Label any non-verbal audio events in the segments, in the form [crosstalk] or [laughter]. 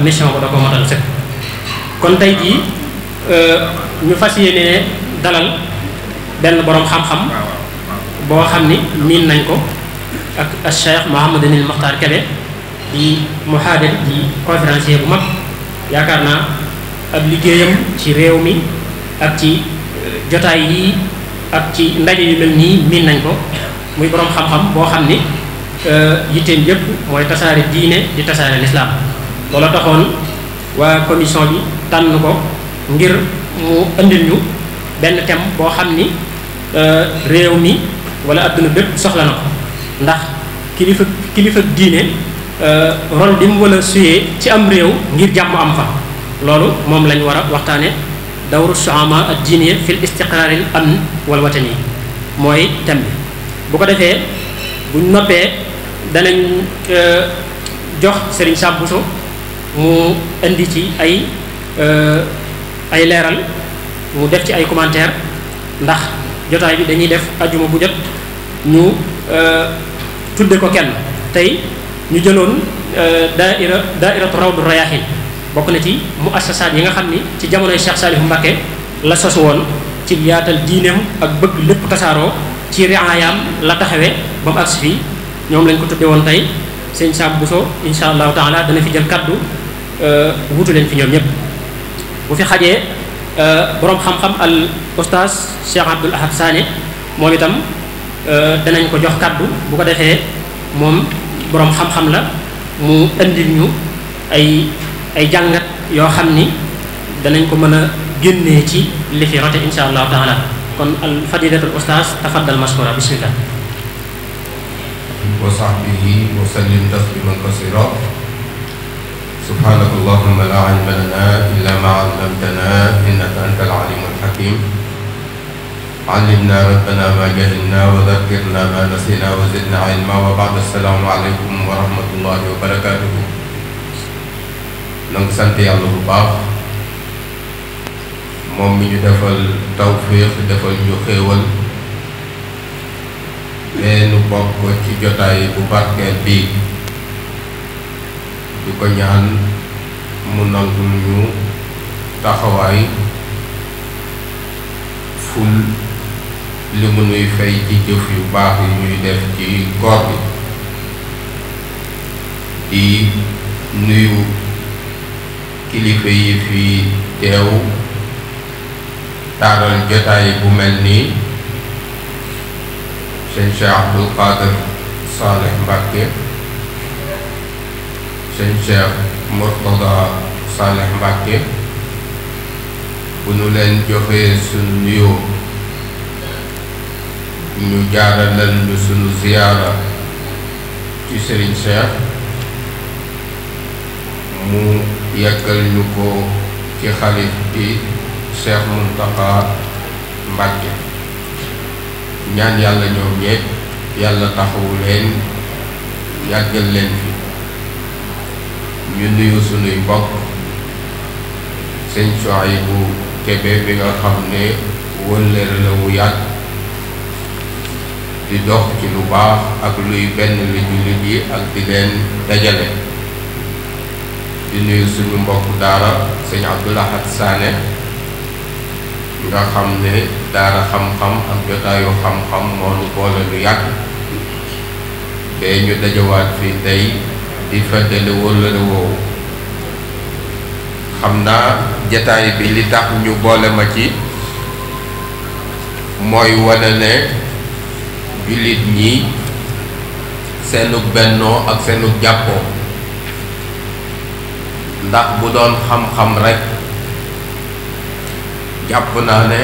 mission ko da ko matal sëkk kon tey jii euh, ñu fas yéene dalal benn boroom xam-xam boo xam ni miin nañ ko ak ak Cheikh Mouhamadou Makhtar Kébé di muhadir di conférencier bu mag yaakaar naa ab liggéeyam ci réew mi ak ci euh, jotaay yi ak ci ndaje yi mel nii miin nañ ko muy boroom xam-xam boo xam ni euh, yitteem yépp mooy tasaare diine di tasaare lislaam loola taxoon waa commission bi tànn ko ngir mu indil ñu benn thème boo xam ni euh, réew mi wala adduna bépp soxla na ko ndax kilifa kilifa diine euh, rôle bi mu wala suyee ci am réew ngir jàmm am fa loolu moom lañu war a waxtaane dawru soama ak diine fil istiqraaril amn wal yi mooy thème bi bu ko defee buñ noppee danañ euh, jox Serigne Sambuso mu indi ci ay euh, ay leeral mu def ci ay commentaire ndax jotaay bi dañuy def ajuma bu jot ñu euh, tudde ko kenn tey ñu jëloon euh, daaira daairatu rawdu rayahin bokk na ci mu muassasaat yi nga xam ni ci jamonoy Cheikh Saliou Mbacké la sosu woon ci yaatal diineem ak bëgg lépp tasaaroo ci riaayam la taxawee ba mu agsi fii ñoom lañ ko tudde woon tey sëñ Sam Bousso insha allahu taala dana fi jël kàddu Euh, wutu leen fi ñoom ñëpp bu fi xajee euh, boroom xam-xam al oustaz Cheikh Abdoul Ahad Sané moom itam euh, danañ ko jox kàddu bu ko defee moom boroom xam-xam la mu indil ñu ay ay jàngat yoo xam ni danañ ko mën a génnee ci li fi rote insha allahu taala kon al fadilatul oustaz tafaddal mashkura bismillah wa sahbihi wa sallim subhaanaka allahumma laa ilma lanaa illaa maa allamtanaa innaka anta al-aliimu al-hakiim allimnaa rabbanaa maa jahilnaa wa dhakkirnaa maa nasinaa wa zidnaa ilmaa wa ba'd assalaamu aleykum wa rahmatullaahi wa barakaatuh nangu sant yàlla bu baax moom mi ñu defal tawféex defal ñu xéewal mais nu bokk ci jotaay bu barkeel bii di ko ñaan mu nangul ñu taxawaay ful li nuy fay ci jëf yu baax yi ñuy def ci koor bi di nuyu kilifa yi fi teew taaral jotaay bu mel nii sëñ Cheikh Abdul Qadir Saleh Mbacke sëñ Cheikh Mourtada Saleh Mbacke bu nu leen joxee sunu nuyoo ñu jaaralal ñu sunu ziyaara ci sëriñ Cheikh mu yeggal ñu ko ci xalif bi Cheikh Mountakha Mbacke ñaan yàlla ñoom ñépp yàlla taxawu leen yàggal leen fi ñu nuyu sunuy bokk sëñ Suhaybu Kebe bi nga xam ne wëllëre la wu yàgg di dox ci lu baax ak luy benn lu jullit yi ak di leen dajale di nuyu suñu mbokk daara sëñ Abdul Ahad nga xam ne daara xam-xam ak jotaayu xam-xam moo boole lu yàgg te ñu dajawaat fii tey di feddali wëllëre woowu xam naa jataay bi li tax ñu boole ma ci mooy wane ne jullit ñi seenug bennoo ak seenug jàppoo ndax bu doon xam-xam rekk jàpp naa ne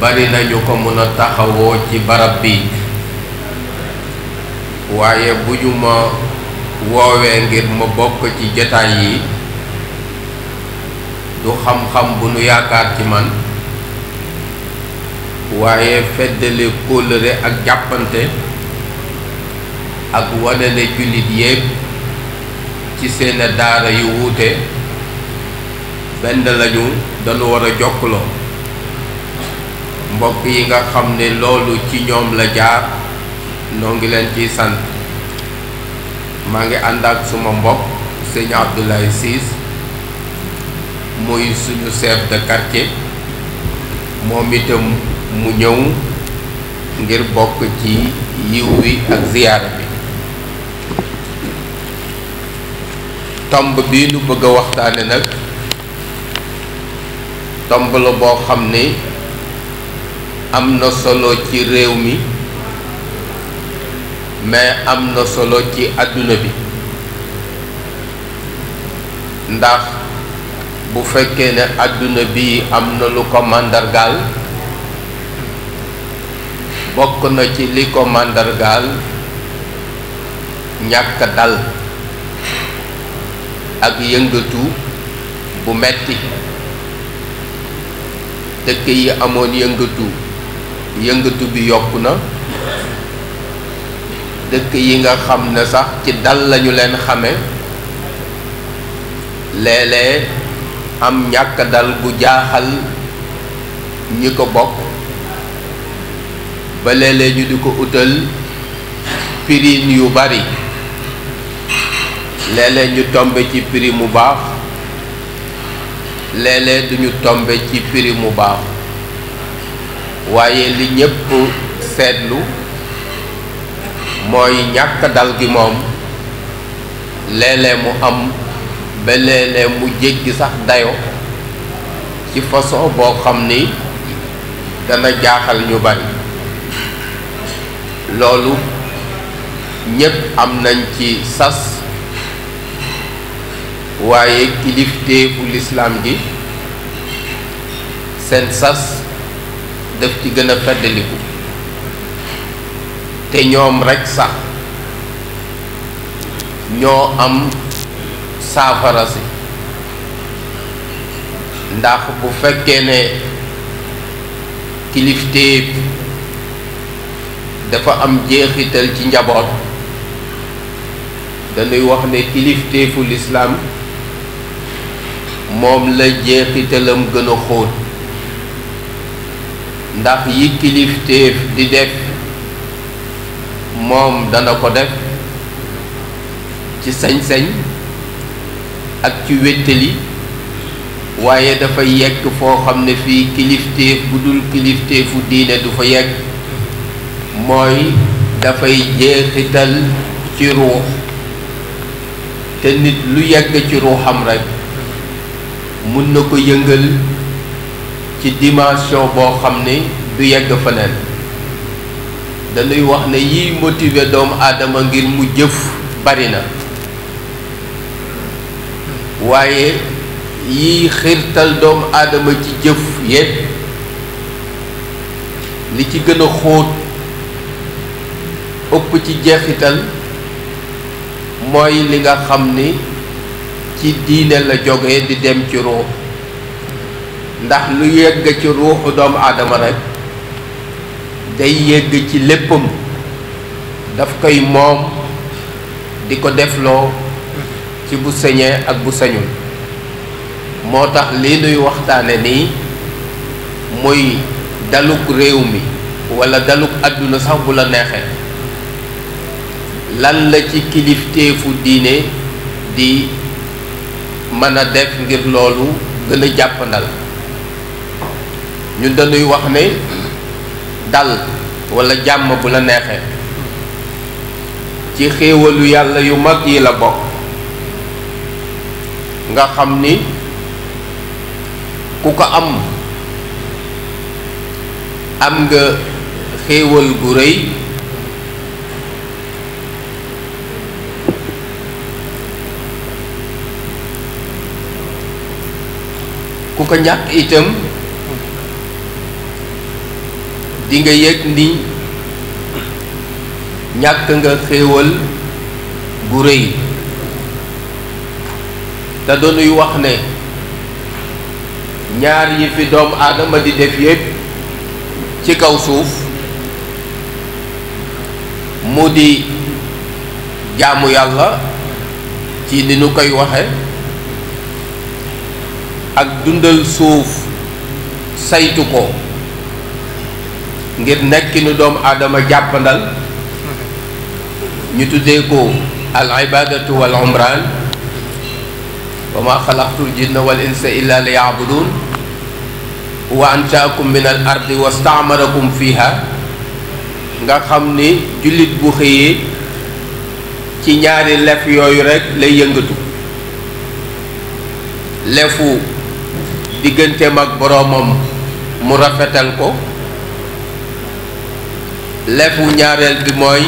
bari nañu ko mën a taxawoo ci barab bi waaye bu ñu ma woowee ngir ma bokk ci jataay yi du xam-xam bu nu yaakaar ci man waaye feddale kóllëre ak jàppante ak wanale jullit yépp ci seen daara yu wuute benn lañu dañu war a jokkaloo mbokk yi nga xam ne loolu ci ñoom la jaar noo ngi leen ciy sant maa ngi ànd ak suma mbokk sëñ Abdoulaye Ciss muy suñu chef de quartier moom itam mu ñëw ngir bokk ci yiw wi ak ziyaara bi tomb bii nu bëgg a waxtaane nag tomb la boo xam ne am na solo ci réew mi mais am na solo ci àdduna bi ndax bu fekkee ne àdduna bi am na lu ko màndargal bokk na ci li ko màndargaal ñàkk dal ak yëngatu bu metti dëkk yi amoon yëngatu yëngatu bi yokku na dëkk yi nga xam na sax ci dal lañu leen xame léeg am ñàkk dal bu jaaxal ñi ko bokk ba léeg-léeg di ko utal pirin yu bari léeg-léeg ñu tombe ci prix mu baax léeg-léeg duñu tombe ci prix mu baax waaye li ñépp seetlu mooy ñàkk dal gi moom léeg mu am ba léeg-léeg mu jéggi sax dayo ci façon boo xam ni dana jaaxal ñu bari loolu ñépp am nañ ci sas waaye kilifteefu lislaam gi seen sas daf ci gën a feddaliku te ñoom rekk sax ñoo am saafara si ndax bu fekkee ne kilifteef dafa am jeexital ci njaboot dañuy wax ne kilifteefu lislaam moom la jeexitalam gën a xóot ndax yi kilifteef di def moom dana ko def ci sañ-sañ ak ci wéttali waaye dafay yegg foo xam ne fii kilifteef bu dul kilifteefu diine du fa yegg mooy dafay jeexital ci ruux te nit lu yegg ci ruuxam rekk mun na ko yëngal ci dimension boo xam ne du yegg feneen dañuy wax ne yiy motive doomu aadama ngir mu jëf bari na waaye yiy xiirtal doomu aadama ci jëf yépp li ci gën a xóot ëpp ci jeexital mooy li nga xam ni ci diine la jóge di dem ci ruux ndax lu yegg ci ruuxu doomu aadama rekk day yegg ci léppam daf koy moom di ko defloo ci bu sañee ak bu sañul moo tax lii nuy waxtaane nii muy daluk réew mi walla daluk àdduna sax bu la neexee lan la ci kilifteefu diine di mën a def ngir loolu gën a jàppandal ñun dañuy wax ne dal walla jàmm bu la neexee ci xéewalu yàlla yu mag yi la bokk nga xam ni ku ko am am nga xéewal gu réy ku ko ñàkk itam di nga yëg ni ñàkk nga xéewal gu rëy te dañuy wax ne ñaar yi fi doom aadama di def yépp ci kaw suuf mu di jaamu yàlla ci ni nu koy waxe ak dundal suuf saytu ko ngir nekkinu doom aadama jàppandal ñu tuddee ko al ibadatu wal umran wa ma xalaqtul jinna wal insa illa yaabudun wa ansaakum min al ardi wastaamarakum fiha nga xam ni jullit bu xëyee ci ñaari lef yooyu rek lay yëngatu lefu digganteem ak boroomam mu rafetal ko lefu ñaareel bi mooy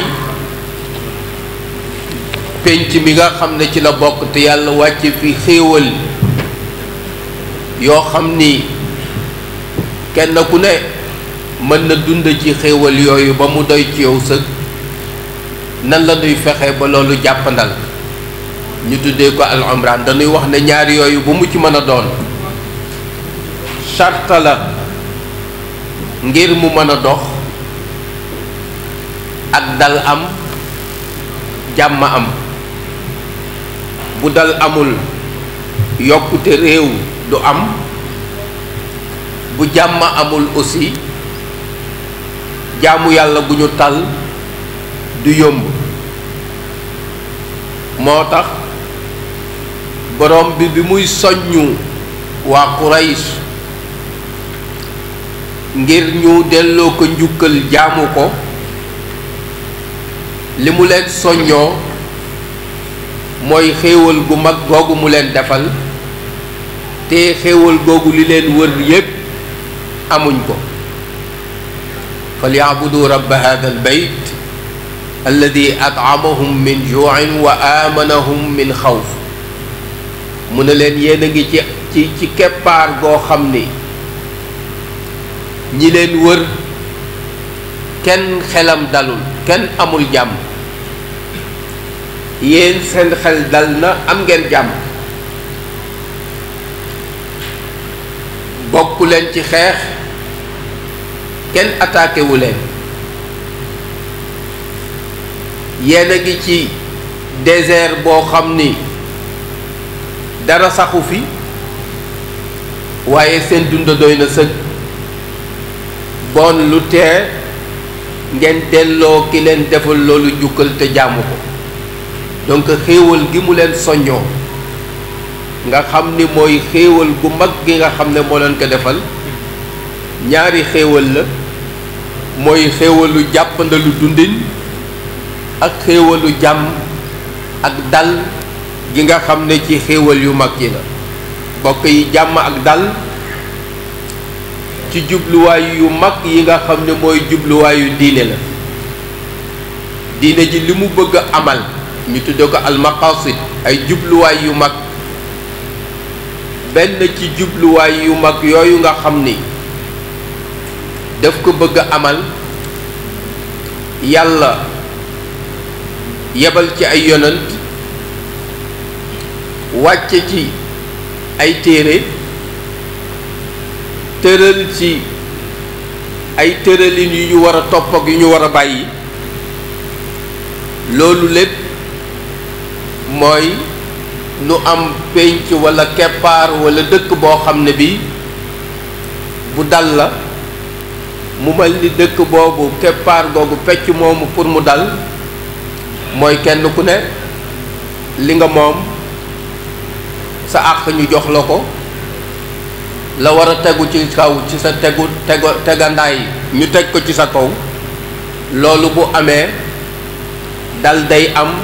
pénc mi nga xam ne ci la bokk te yàlla wàcce fi xéewal yoo xam ni kenn ku ne mën na dund ci xéewal yooyu ba mu doy ci yow sëg nan la ñuy fexe ba loolu jàppandal ñu tuddee ko al umran wax ne ñaar yooyu bu mu ci mën a doon charte la ngir mu mën a dox ak dal am jàmm am bu dal amul yokkute réew du am bu jàmm amul aussi jaamu yàlla bu ñu tal du yomb moo tax borom bi bi muy soññu waa Quraysh ngir ñu delloo ko njukkal jaamu ko li mu leen soññoo mooy xéewal gu mag googu mu leen defal te xéewal googu li leen wër yépp amuñ ko falyaabudu rabba hada albayt alladi atamahum min juin wa amanahum min xawf mu ne leen yéen a ngi ci ci ci keppaar goo xam ni ñi leen wër kenn xelam dalul kenn amul jàmm yéen seen xel dal na am ngeen jàmm bokkuleen ci xeex kenn attaqué wu leen yéen a ci désert boo xam ni dara saxu fi waaye seen dund doy na sëg bon lu tee ngeen delloo ki leen defal loolu jukkal te jaamu ko donc xéewal gi mu leen soññoo nga xam ni mooy xéewal gu mag gi nga xam ne moo leen ko defal ñaari xéewal la mooy xéewalu jàppandalu dundin ak xéewalu jàmm ak dal gi nga xam ne ci xéewal yu mag yi la bokk yi jàmm ak dal ci jubluwaay yu mag yi nga xam ni mooy jubluwaayu diine la diine ji li mu bëgg a amal ñu tudd ko almaqasid ay jubluwaay yu mag benn ci jubluwaay yu mag yooyu nga xam ni daf ko bëgg a amal yàlla yebal ci ay yonant wàcce ci ay téere tëral ci ay tëralin yu ñu war a topp yu ñu war a bàyyi loolu lépp mooy nu am pénc walla keppaar walla dëkk boo xam ne bi bu dal la mu mel ni dëkk boobu keppaar googu pecc moomu pour mu dal mooy kenn ku ne li nga moom sa àq ñu jox la ko la war a tegu ci kaw ci sa tegu tego tegandaay ñu teg ko ci sa kaw loolu bu amee dal day am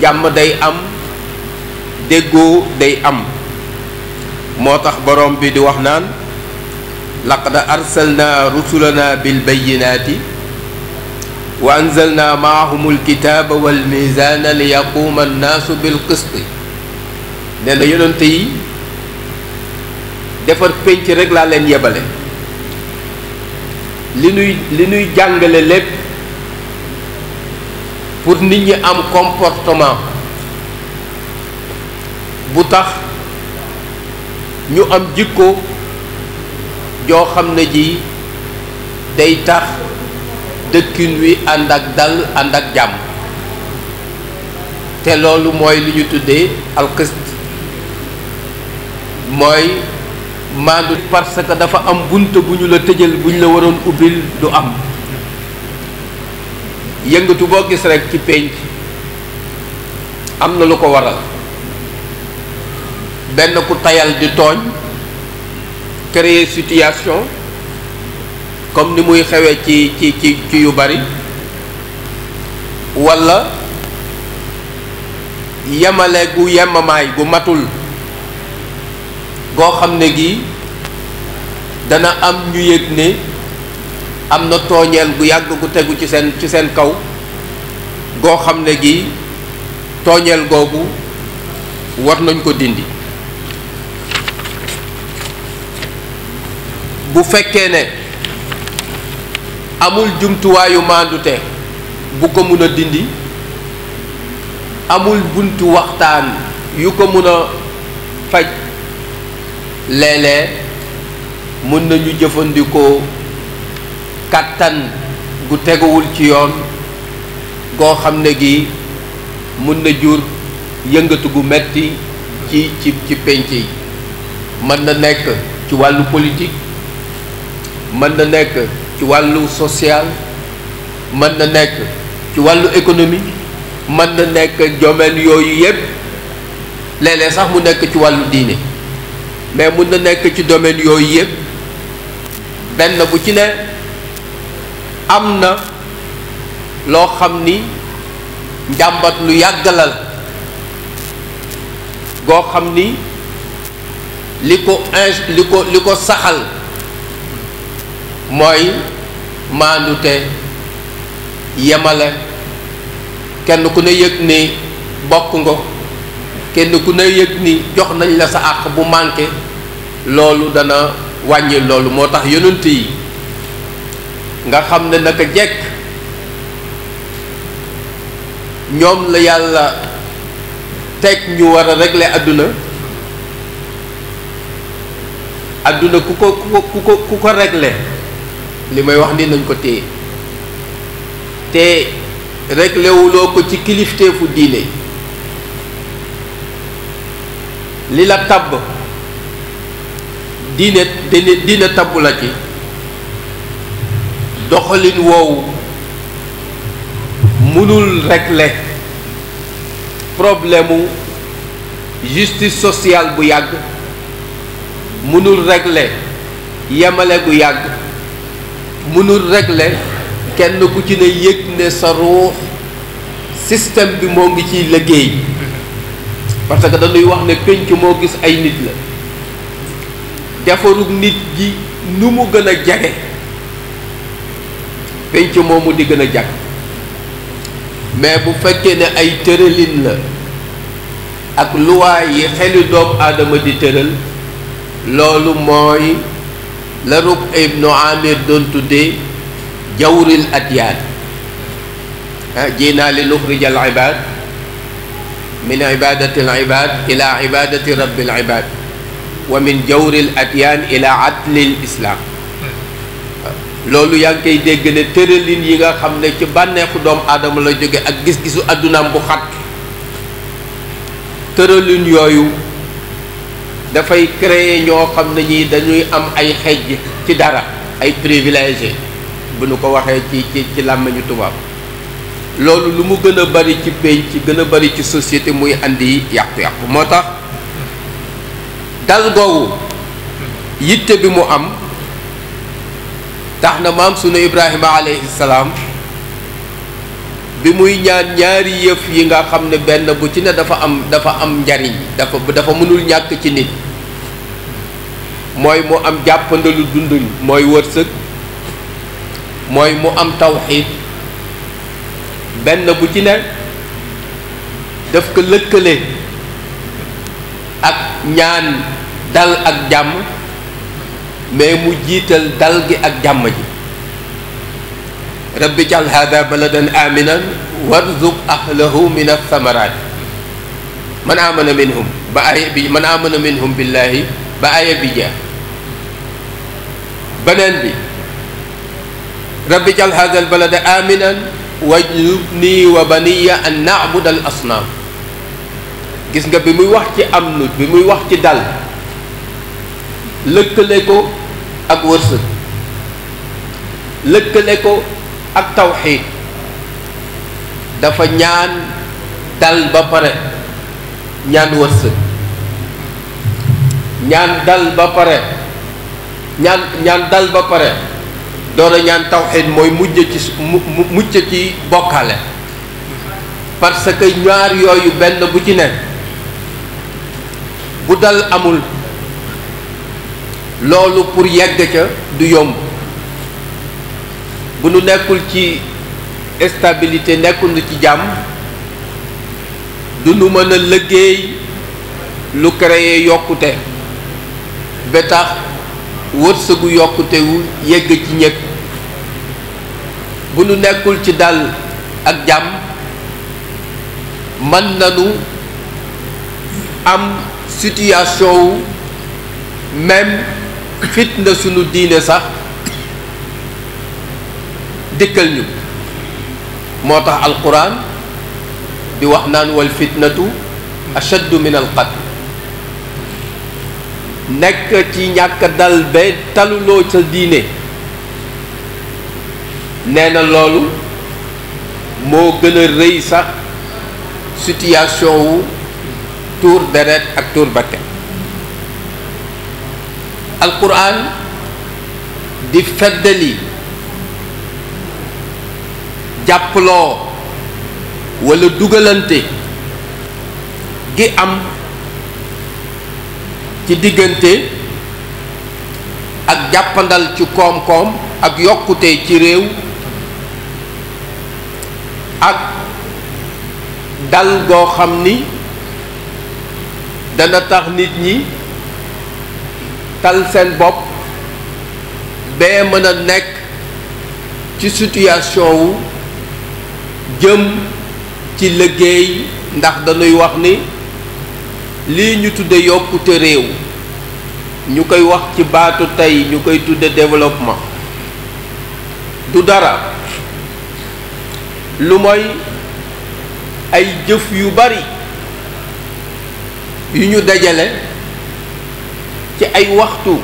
jàmm day am déggoo day am moo tax boroom bi di wax naan laqad arsalna rusulana bilbayinaati wa anzalna maahum alkitaaba walmizaana li yaquuma annaasu bilqisti nee na yonente yi defar pénc rekk laa leen yebale li nuy li nuy jàngale lépp pour nit ñi am comportement bu tax ñu am jikko joo xam ne ji day tax dëkkin wi ànd ak dal ànd ak jàmm te loolu mooy li ñu tuddee alxist mooy maandu parce que dafa am bunt bu ñu la tëjal bu ñu la waroon ubbil du am yëngatu boo gis rekk ci penc am na lu ko waral benn ku tayal di tooñ créer situation comme ni muy xewee ci ci ci yu bari walla yamale gu yemamaay gu matul goo xam ne gii dana am ñu yëg ne am na tooñeel gu yàgg gu tegu ci seen ci seen kaw goo xam ne gi tooñeel googu war nañ ko dindi bu fekkee ne amul jumtuwaayu maandute bu ko mun a dindi amul buntu waxtaan yu ko mun a faj léeg-léeg mën nañu jëfandikoo kàttan gu teguwul ci yoon goo xam ne gi mën na jur yëngatu gu metti ci ci ci pénc yi mën na nekk ci wàllu politique mën na nekk ci wàllu social mën na nekk ci wàllu économie mën na nekk domaine yooyu yépp léeg sax mu nekk ci wàllu diine mais mun na nekk ci domaine yooyu yëpp benn bu ci ne am na loo xam ni njàmbat lu yàggalal goo xam ni li ko in li ko li ko saxal mooy maandute yemale kenn ku ne yëg ni bokk nga kenn ku ne yëg ni jox nañ la sa àq bu manqué loolu dana wàññi loolu moo tax yonent yi nga xam ne naka jekk ñoom la yàlla teg ñu war a régler àdduna àdduna ku ko ku ko ku ko ku ko régler li may wax ni nañ ko téye te reglewuloo ko ci kilifteefu diine li la tabb diine diine tabb la ci doxalin woowu mënul régler problème mu justice sociale bu yàgg mënul régler yemale gu yàgg mënul regle kenn ku ci ne yëg ne sa ruux système bi mu ngi ciy liggéey parce que dañuy wax ne pénc moo gis ay nit la defarug nit gi nu mu gën a jage pénc moomu di gën a jag mais bu fekkee ne ay tëralin la ak luwaay yi xeli doomu aadama di tëral loolu mooy la rub ibnu amir doon tuddee jawril adyaan ah ji naa li nuxrij min ibadati al ibad ila ibadati rabbil ibad wa min jawri adyan ila adli loolu yaa ngi koy dégg ne tëralin yi nga xam ne ci bànneexu doom aadama la jóge ak gis-gisu àddunaam bu xat tëralin yooyu dafay créer ñoo xam ne ñi dañuy am ay xejj ci dara ay privilégié bu nu ko waxee ci ci ci tubaab loolu lu mu gën a bari ci penc ci gën a bari ci société muy indi yàqu-yàqu moo tax dal googu yitte bi mu am tax na maam sunu Ibrahima aleyhi salaam bi muy ñaan ñaari yëf yi nga xam ne benn bu ci ne dafa am dafa am njariñ dafa dafa mënul ñàkk ci nit mooy mu am jàppandalu dund mooy wërsëg mooy mu am tawxiid benn bu ci ne def ko lëkkale ak ñaan dal ak jàmm mais mu jiital dal gi ak jàmm ji rabbi jal hada baladan aminan warzuq ahlahu min athamarati man amana minhum ba aya bi man amana minhum billahi ba aya bi jeex beneen bi rabbi jal hada albalada aminan wajnubnii wa baniya an na'buda dal asnaam gis nga bi muy wax ci am nu bi muy wax ci dal lëkkale ko ak wërsëg lëkkale ko ak tawxiid dafa ñaan dal ba pare ñaan wërsëg ñaan dal ba pare ñaan ñaan dal ba pare doon a ñaan tawxid mooy mujj ci mucc ci bokkale parce que ñaar yooyu benn bu ci ne bu dal amul loolu pour yegg ca du yomb bu nu nekkul ci stabilité nekkul ci jàmm du nu mën a liggéey lu créer yokkute ba tax wërsëgu yokkute wu yegg ci ñëpp bu nu nekkul ci dal ak jàmm mën nanu am situation wu même fitna sunu diine sax dikkal ñu moo tax alquran di wax naan wal fitnatu ashaddu min alqatl nekk ci ñàkk dal ba taluloo sa diine nee na loolu moo gën a rëy sax situation wu tuur deret ak tuur bakkan alquran di feddali jàppaloo wala dugalante gi am ci diggante ak jàppandal ci koom-koom ak yokkute ci réew ak dal goo xam ni dana tax nit ñi tal seen bopp bee mën a nekk ci situation wu jëm ci liggéey ndax dañuy wax ni lii ñu tudde yokkute réew ñu koy wax ci baatu tey ñu koy tudde développement du dara lu mooy ay jëf yu bari yu ñu dajale ci ay waxtu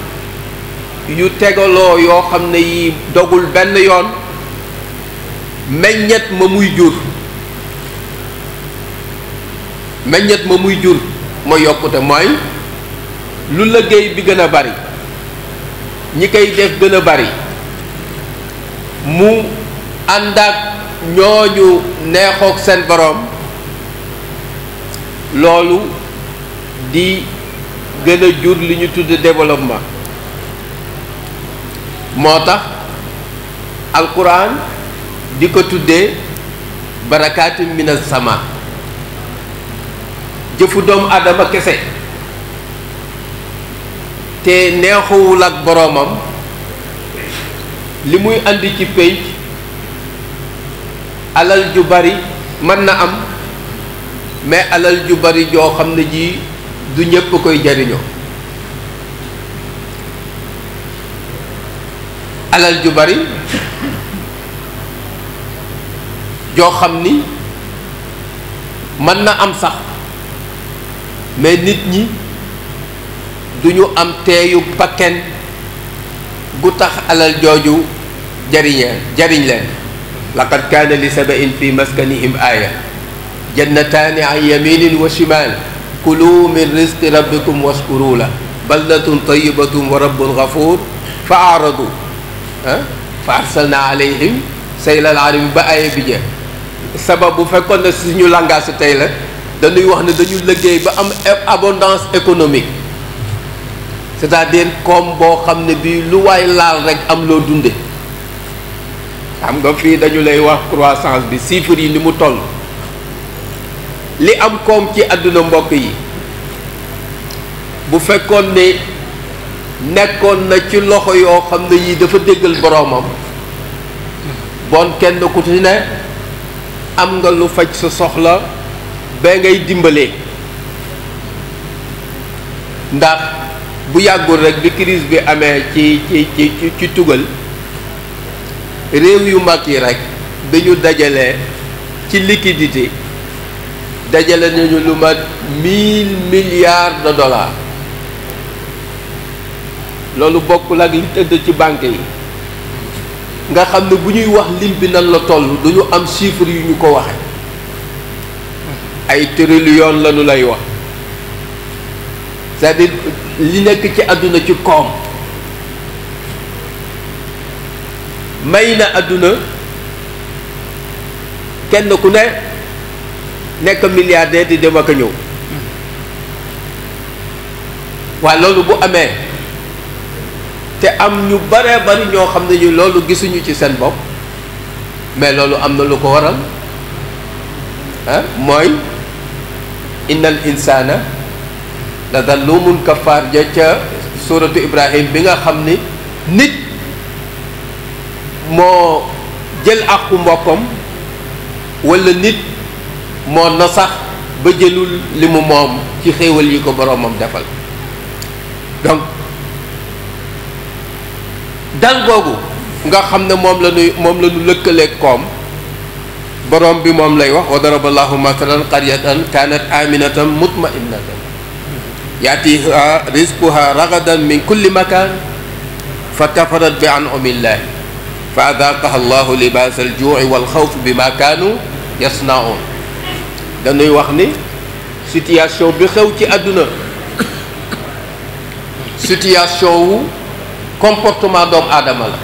yu tegaloo yoo xam ne yi dogul benn yoon meññet ma muy jur meññet ma muy jur mooy yokkute mooy lu liggéey bi gën a bari ñi koy def gën a bari mu ànd ak ñooñu neexoog seen boroom loolu di gën a jur li ñu tudd développement moo tax alquran di ko tuddee barakaatu minas sama jëfu doomu aadama kese te neexuwul ak boroomam li muy andi ci pey alal ju bari mën na am mais alal ju bari joo xam ne ji du ñépp koy jariñoo alal ju bari joo xam ni mën na am sax mais nit ñi du ñu am teeyu bakken gu tax alal jooju jariñee jariñ leen laqad kaana li sabain fi maskanihim aaya jannataani an yaminin wa shimal kulu min rizqi rabbikum waskuru la baldatun tayibatun wa rabbun gafur fa aradu ah fa arsalna alayhim saylal arim ba aaya bi ja sabab bu fekkoon na suñu langage tey la dañuy wax ne dañu liggéey ba am abondance économique c'est-à-dire comme boo xam ne bii lu waay laal rek am loo dunde xam nga fii dañu lay wax croissance bi chiffres yi ni mu toll li am koom ci àdduna mbokk yi bu fekkoon ne nekkoon na ci loxo yoo xam ne yii dafa déggal boroomam bon kenn ku ci ne am nga lu faj sa soxla ba ngay dimbalee ndax bu yàggul rek bi crise bi amee ci ci ci ci tugal réew yu mag yi rek bi ñu dajalee ci liquidité dajale nañu lu mat mille milliards de dollars loolu bokkul ak li tëdd ci banque yi nga xam ne bu ñuy wax lim bi nan la toll du ñu am chiffre yu ñu ko waxe ay trillion la ñu lay wax cest à li nekk ci àdduna ci koom may na àdduna kenn ku ne nekk milliardaire di dem ak ñëw waaye loolu bu amee te am ñu bare bari ñoo xam ne ñu loolu gisuñu ci seen bopp mais loolu am na lu ko waral mooy innal insaana la zalumun kafaar ja ca suratu ibrahim bi nga xam ni nit moo jël akku mbokkam walla nit moo nasax ba jëlul li mu moom ci xéewal yi ko boroomam defal donc dal googu nga xam ne moom la ñuy moom la ñu koom boroom bi moom lay wax wa daraba llahu matalan qaryatan kaanat aminatan mutma'innatan yaatiha rizquha ragadan min kulli makan fa kafarat bi an'umillahi fa adaqaha llahu libaas aljuu'i wal xawf bima kaanu yasnaun dañuy wax ni situation bi xew ci àdduna situation wu comportement doomu aadama la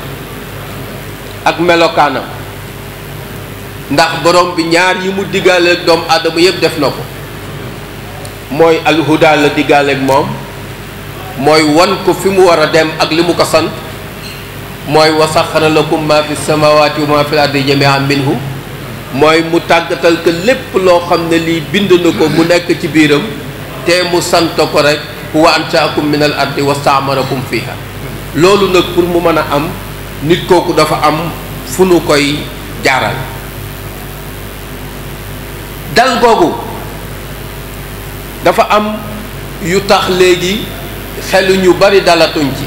ndax borom bi ñaar yi mu diggaale ak doomu aadama yëpp def na ko mooy alhuda la diggaale moom mooy wan ko fi mu war a dem ak li mu ko sant mooy wasaxara lakum ma fi samawati wa ma fi ardi jami'an minhu mooy mu tàggatal ko lépp loo xam ne lii bind na ko mu nekk ci biiram te mu sant ko rek huwa ansaakum min al ardi wastaamarakum fiha loolu nag pour mu mën a am nit kooku dafa am fu nu koy jaaral dal googu dafa am yu tax léegi xelu ñu bari dalatuñ ci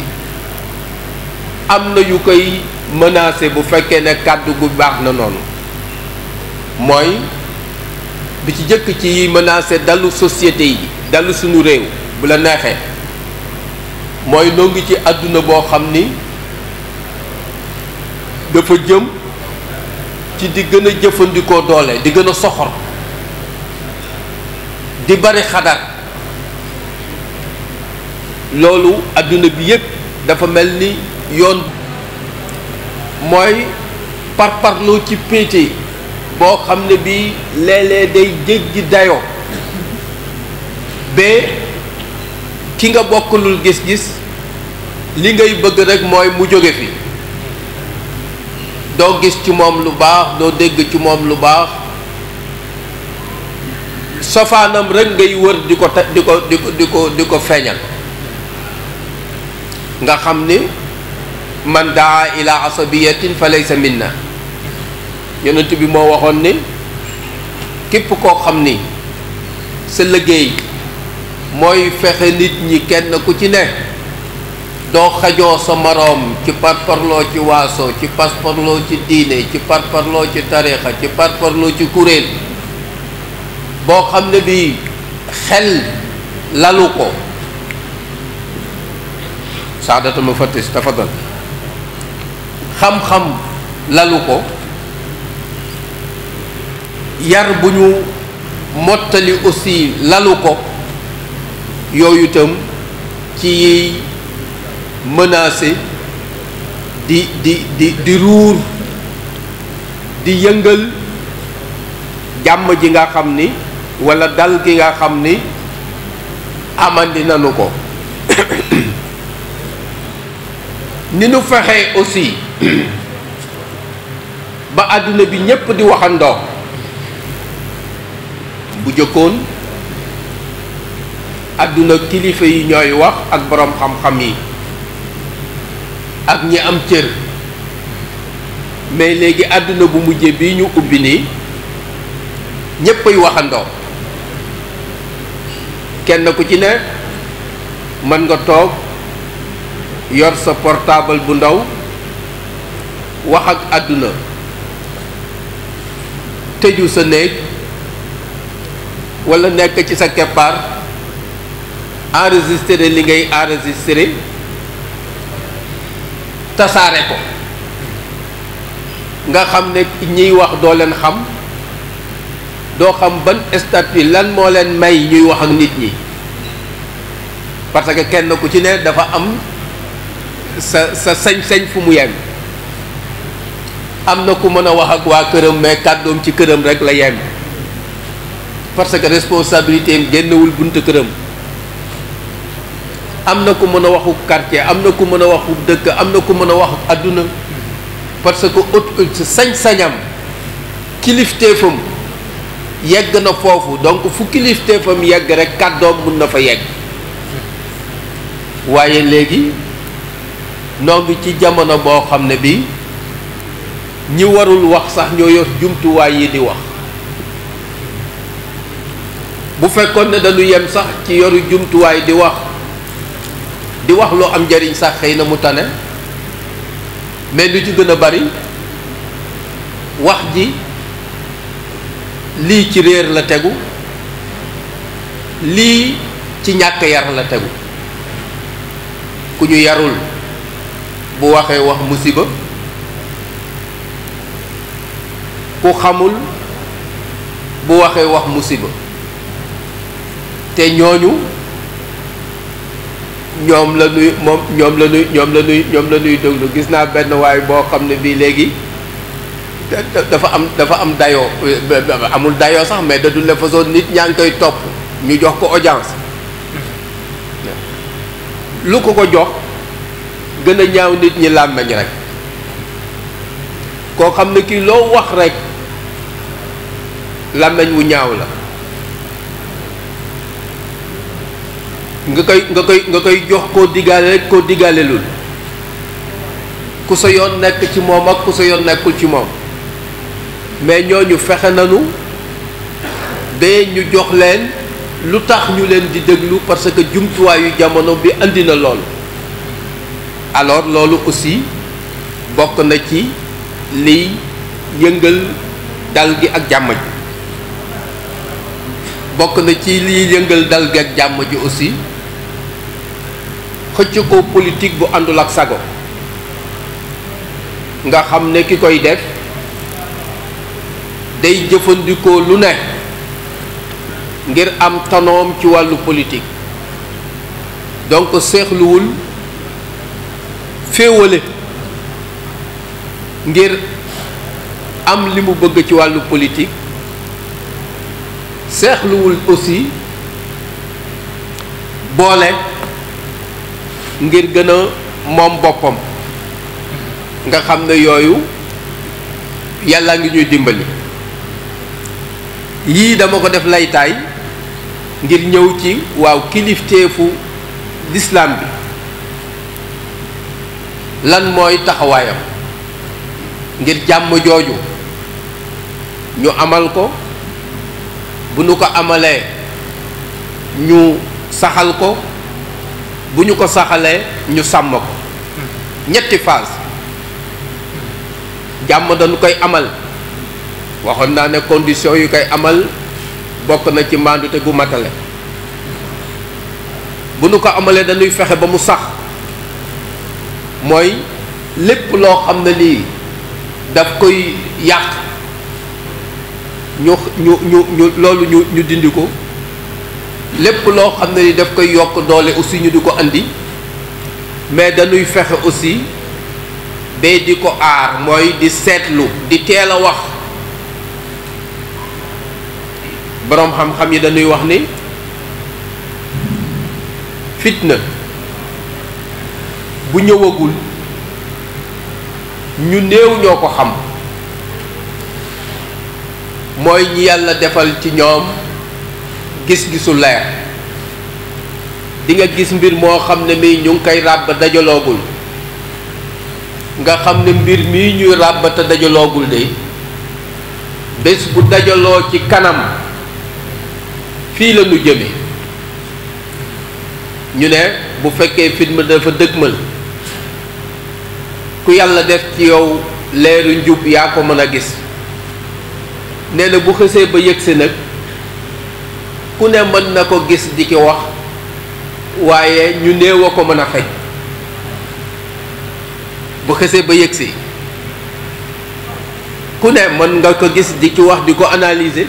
am na yu koy menacé bu fekkee ne kàddu gu baax na noonu mooy bi ci jëkk ci menacé dalu société yi dalu suñu réew bu la neexee mooy noo ngi ci àdduna boo xam ni dafa jëm ci di gën a jëfandikoo doole di gën a soxor di bari xadaat loolu adduna bi yépp dafa mel ni yoon mooy parparloo ci péete boo xam ne bii léeg-léeg day jéggi dayoo ba ki nga bokkulul gis-gis li ngay bëgg rek mooy mu jóge fi doo gis ci moom lu baax doo dégg ci moom lu baax sofaanam rek ngay wër di ko te di ko di ko di ko di ko feeñal nga xam ni man daa ila asabiyatin fa laysa minna yonent bi moo waxoon ni képp koo xam ni sa liggéey mooy fexe nit ñi kenn ku ci ne doo xajoo sa moroom ci parparloo ci waaso ci parparloo ci diine ci parparloo ci tariixa ci parparloo ci kuréel boo xam ne bii xel lalu ko saadatu mufattis tafadal xam-xam lalu ko yar bu ñu mottali aussi lalu ko yooyutam ci yiy menacé di di di di ruur di yëngal jàmm ji nga xam ni wala dal gi nga xam ni amandi nanu ko [coughs] ni nu fexee aussi [coughs] ba àdduna bi ñépp di waxandoom bu jëkkoon àdduna kilifa yi ñooy wax ak boroom xam-xam yi ak ñi am cër mais léegi àdduna bu mujje bi ñu ubbi nii ñéppay waxandoom kenn ku ci ne mën nga toog yor sa portaabal bu ndaw wax ak àdduna tëju sa néeg walla nekk ci sa keppaar enregistré li ngay enregistré tasaare ko nga xam ne ñiy wax doo leen xam doo xam ban statut lan moo leen may ñuy wax ak nit ñi parce que kenn ku ci ne dafa am sa sa sañ-sañ fu mu yem am na ku mën a wax ak waa këram mais kàddoom ci këram rek la yem parce que responsabilité am génnewul bunt këram am na ku mën a waxu quartier am na ku mën a waxu dëkk am na ku mën a wax adduna parce que ut sañ-sañam kilifteefam yegg na foofu donc fu kilifteefam yegg rekk kàddoom mun na fa yegg waaye léegi noo ci jamono boo xam ne bi ñi warul wax sax ñoo yor jumtuwaay yi di wax bu fekkoon ne dañu yem sax ci yoru jumtuwaay di wax di wax loo am njariñ sax xëy na mu tane mais lu ci gën a bari wax ji lii ci réer la tegu lii ci ñàkk yar la tegu ku ñu yarul bu waxee wax musiba ku xamul bu waxee wax musiba te ñooñu ñoom la ñuy moom ñoom la ñoom la ñuy gis naa benn waay boo xam ne bii léegi dafa am dafa am dayoo amul dayoo sax mais de toute la nit ñaa ngi koy topp ñu jox ko audience lu ko ko jox gën a ñaaw nit ñi làmmeñ rek koo xam ne kii loo wax rek làmmeñ wu ñaaw la nga koy nga koy nga koy jox koo diggaale rek koo diggaale ku sa yoon nekk ci moom ak ku sa yoon nekkul ci moom mais ñooñu fexe nanu de ñu jox leen lu tax ñu leen di déglu parce que jumtuwaayu jamono bi indi na lool alors loolu aussi bokk na ci liy yëngal dal gi ak jàmm ji bokk na ci liy yëngal dal gi ak jàmm ji aussi xëcc ko politique bu àndul ak sago nga xam ne ki koy def day jëfandikoo lu ne ngir am tanoom ci wàllu politique donc seexluwul féewale ngir am li mu bëgg ci wàllu politique seexluwul aussi boole ngir gën a moom boppam nga xam ne yooyu yàlla ngi ñuy dimbali yii dama ko def laytaay ngir ñëw ci waaw kilifteefu lislaam bi lan mooy taxawaayam ngir jàmm jooju ñu amal ko bu ñu ko amalee ñu saxal ko bu ñu ko saxalee ñu sàmm ko ñetti phase jàmm dañu koy amal waxoon naa ne condition yu koy amal bokk na ci màndute gu matale bu nu ko amalee dañuy fexe ba mu sax mooy lépp loo xam ne lii daf koy yàq ñu ñu ñu ñu loolu ñu ñu dindi ko lépp loo xam ne lii daf koy yokk doole aussi ñu di ko andi mais dañuy fexe aussi ba di ko aar mooy di seetlu di teel a wax boroom xam-xam yi dañuy wax ni fitna bu ñëwagul ñu néew ñoo ko xam mooy ñi yàlla defal ci ñoom gis-gisu leer di nga gis mbir moo xam ne mi ñu ngi koy ràbb dajaloogul nga xam ne mbir mii ñuy ràbb dajaloogul de bés bu dajaloo ci kanam fii la ñu jëme ñu ne bu fekkee film dafa dëgmal ku yàlla def ci yow leeru njub yaa ko mën a gis nee na bu xësee ba yëgsi nag ku ne mën na ko gis di ki wax waaye ñu néew a ko mën a faj bu xësee ba yëgsi ku ne mën nga ko gis di ki wax di ko analyser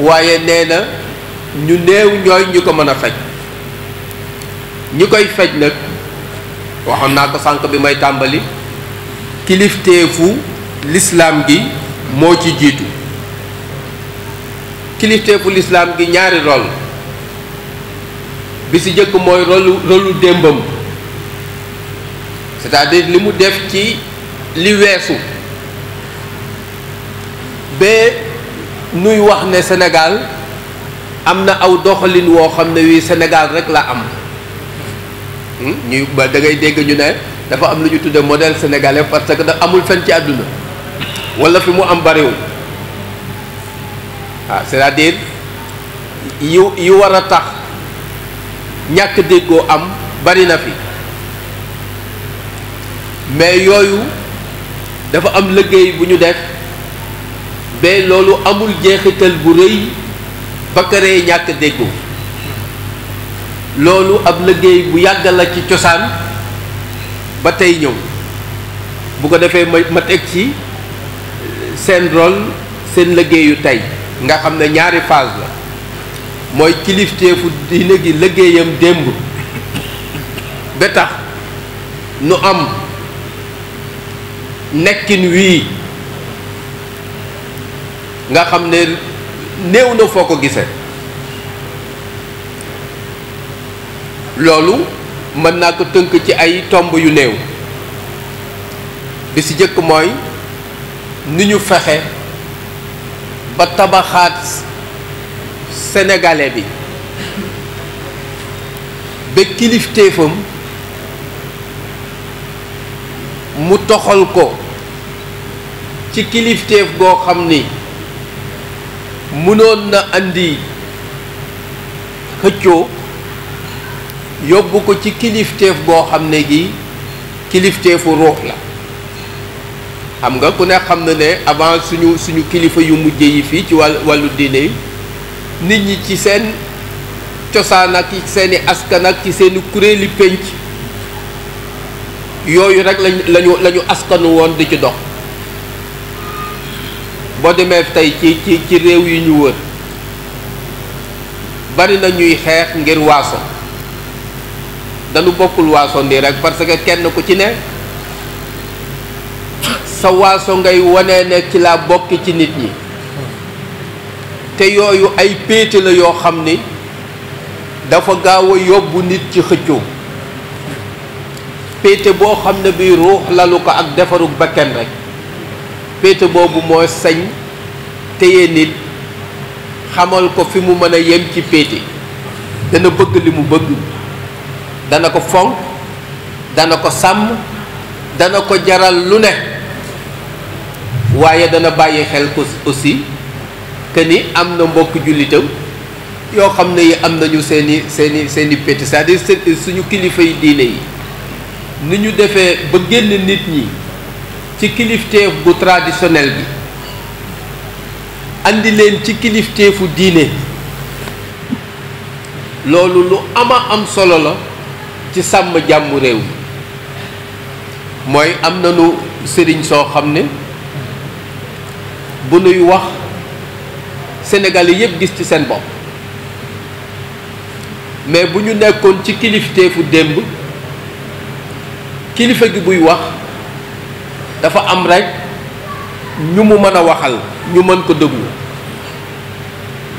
waaye nee na ñu néew ñooy ñu ko mën a faj ñi koy faj nag waxoon naa ko sànq bi may tàmbali kilifteefu lislaam gi moo ci jiitu kilifteefu lislaam gi ñaari rôle bi ci jëkk mooy rôlu rôlu démbam cest à li mu def ci li weesu ba nuy wax ne senegal am na aw doxalin woo xam ne wii senegal rek la am hmm? ñuy ba da ngay dégg ñu ne dafa am lu ñu tudde modèle sénégalais parce que da amul fenn ci àdduna walla fi mu am bariwul waaw ah, c'est-à-dire yu yu war a tax ñàkk déggoo am bari na fi mais yooyu dafa am liggéey bu ñu def ba loolu amul jeexital bu rëy ba këree ñàkk déggoo loolu ab liggéey bu yàgg la ci cosaan ba tey ñëw bu ko defee ma ma teg ci seen rol seen liggéeyu tey nga xam ne ñaari phase la mooy kilifteefu diine gi liggéeyam démb ba tax nu am nekkin wii nga xam ne néew na foo ko gisee loolu mën naa ko tënk ci ay tomb yu néew bi ci jëkk mooy ni ñu fexe ba tabaxaat senegale bi ba kilifteefam mu toxal ko ci kilifteef goo xam ni mënoon na andi xëccoo yóbbu ko ci kilifteef goo xam ne gi kilifteefu ruux la xam nga ku ne xam na ne avant suñu suñu kilifa yu mujj yi fii ci wàllu diine nit ñi ci seen cosaan ak ci seeni askan ak ci seeni kuréeli pénc yooyu rek lañu lañu lañu askanu woon di ci dox boo demee tey ci ci ci réew yi ñu wër bari na ñuy xeex ngir waaso dañu bokkul waaso nii rek parce que kenn ku ci ne sa waaso ngay wane ne ci laa bokk ci nit ñi te yooyu ay péete la yoo xam ni dafa gaaw a yóbbu nit ci xëccoo péete boo xam ne bi ruux lalu ko ak defarug bakken rek féete boobu mooy sañ téye nit xamal ko fi mu mën a yem ci féete dana bëgg li mu bëgg dana ko fonk dana ko sàmm dana ko jaral lu ne waaye dana bàyyi xel ko aussi que ni am na mbokk jullitam yoo xam ne yi am nañu seeni seeni seeni pété cest à suñu kilifa yi diine yi ni ñu defee ba génn nit ñi ci kilifteef bu traditionnel bi andi leen ci kilifteefu diine loolu lu ama am solo la ci sàmm jàmm réew mooy am nañu sëriñ soo xam ne bu nuy wax Sénégalais yépp gis ci seen bopp mais bu ñu nekkoon ci kilifteefu démb kilifa gi buy wax dafa am rek ñu mu mën a waxal ñu mën ko déglu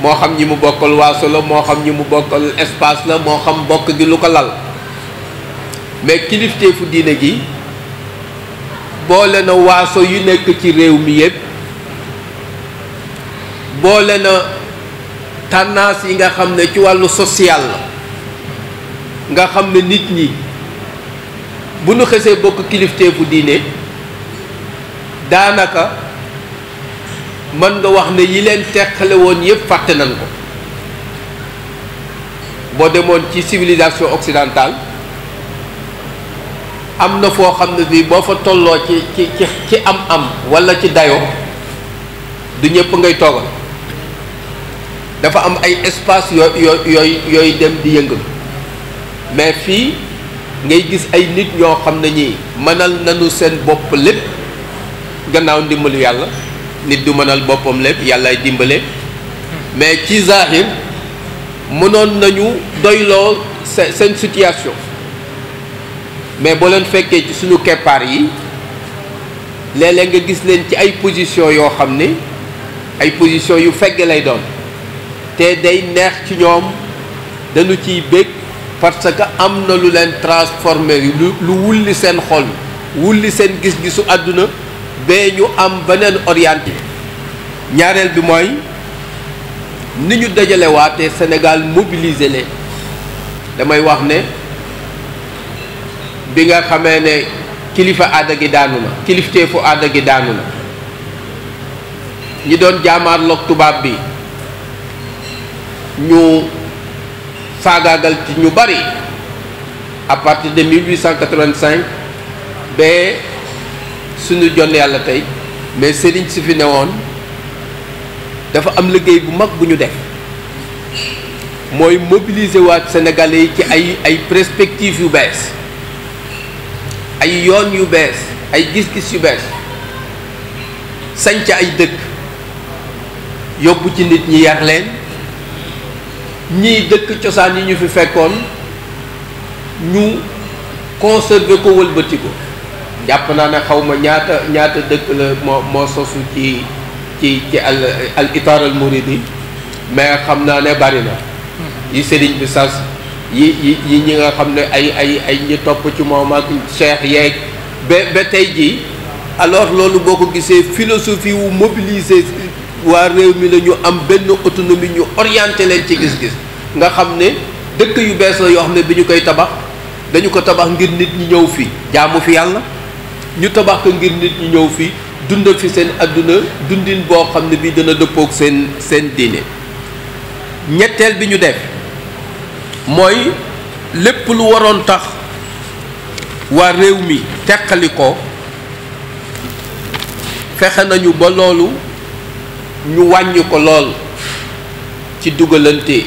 moo xam ñi mu bokkal waaso la moo xam ñi mu bokkal espace la moo xam bokk gi lu ko lal mais kilifteefu diine gi boole na waaso yu nekk ci réew mi yépp boole na tendance yi nga xam ne ci wàllu social la nga xam ne nit ñi bu ñu xesee bokk kilifteefu diine daanaka mën nga wax ne yi leen teqale woon yëpp fàtte nañ ko boo demoon ci civilisation occidentale am na foo xam ne bii boo fa tolloo ci ci ci am-am walla ci dayo du ñëpp ngay toogal dafa am ay espace yoo yoo yooy yooyu dem di yëngal mais fii ngay gis ay nit ñoo xam ne ñii mënal nañu seen bopp lépp gannaaw ndimbalu yàlla nit du mënal boppam lépp yàlla yàllaay dimbale mais ci zahir mënoon nañu doyloo seen seen situation mais boo leen fekkee ci suñu keppaar yi léeg-léeg nga gis leen ci ay position yoo xam ni ay position yu fegge lay doon te day neex ci ñoom dañu ciy bég parce que am na lu leen transformé lu wulli seen xol wulli seen gis-gisu àdduna bee ñu am beneen orienté ñaareel bi mooy ni ñu dajalewaatee Sénégal mobiliser leen damay wax ne bi nga xamee ne kilifa aada gi daanu na kilifteefu aada gi daanu na ñi doon jaamaarloog tubaab bi ñu faagaagal ci ñu bari à partir de 1885 ba. suñu jonn yàlla tey mais sëriñ si fi newoon dafa am liggéey bu mag bu ñu def mooy mobiliser waat sénégalais yi ci ay ay perspectives yu bees ay yoon yu bees ay gis-gis yu bees sanc ay dëkk yóbbu ci nit ñi yar leen ñiy dëkk cosaan yi ñu fi fekkoon ñu conserver ko wëlbati ko jàpp naa ne xaw ma ñaata ñaata dëkk la moo moo sosu ci ci ci al al itaar mais xam naa ne bari na mm-hmm. yi sëriñ bi sas yi yi ñi nga xam ne ay ay ay ñi topp ci moom ak cheikh yeeg ba ba tey jii alors loolu boo ko gisee philosophie wu mobiliser waa réew mi la ñu am benn autonomie ñu orienté leen ci gis-gis nga xam ne dëkk yu bees la yoo xam ne bi ñu koy tabax dañu ko tabax ngir nit ñi ñëw fii jaamu fi yàlla ñu tabax ko ngir nit ñu ñëw fi dundal fi seen àdduna dundin boo xam ne bii dana dëppook seen seen diine ñetteel bi ñu def mooy lépp lu waroon tax waa réew mi teqali ko fexe nañu ba loolu ñu wàññi lool ci dugalante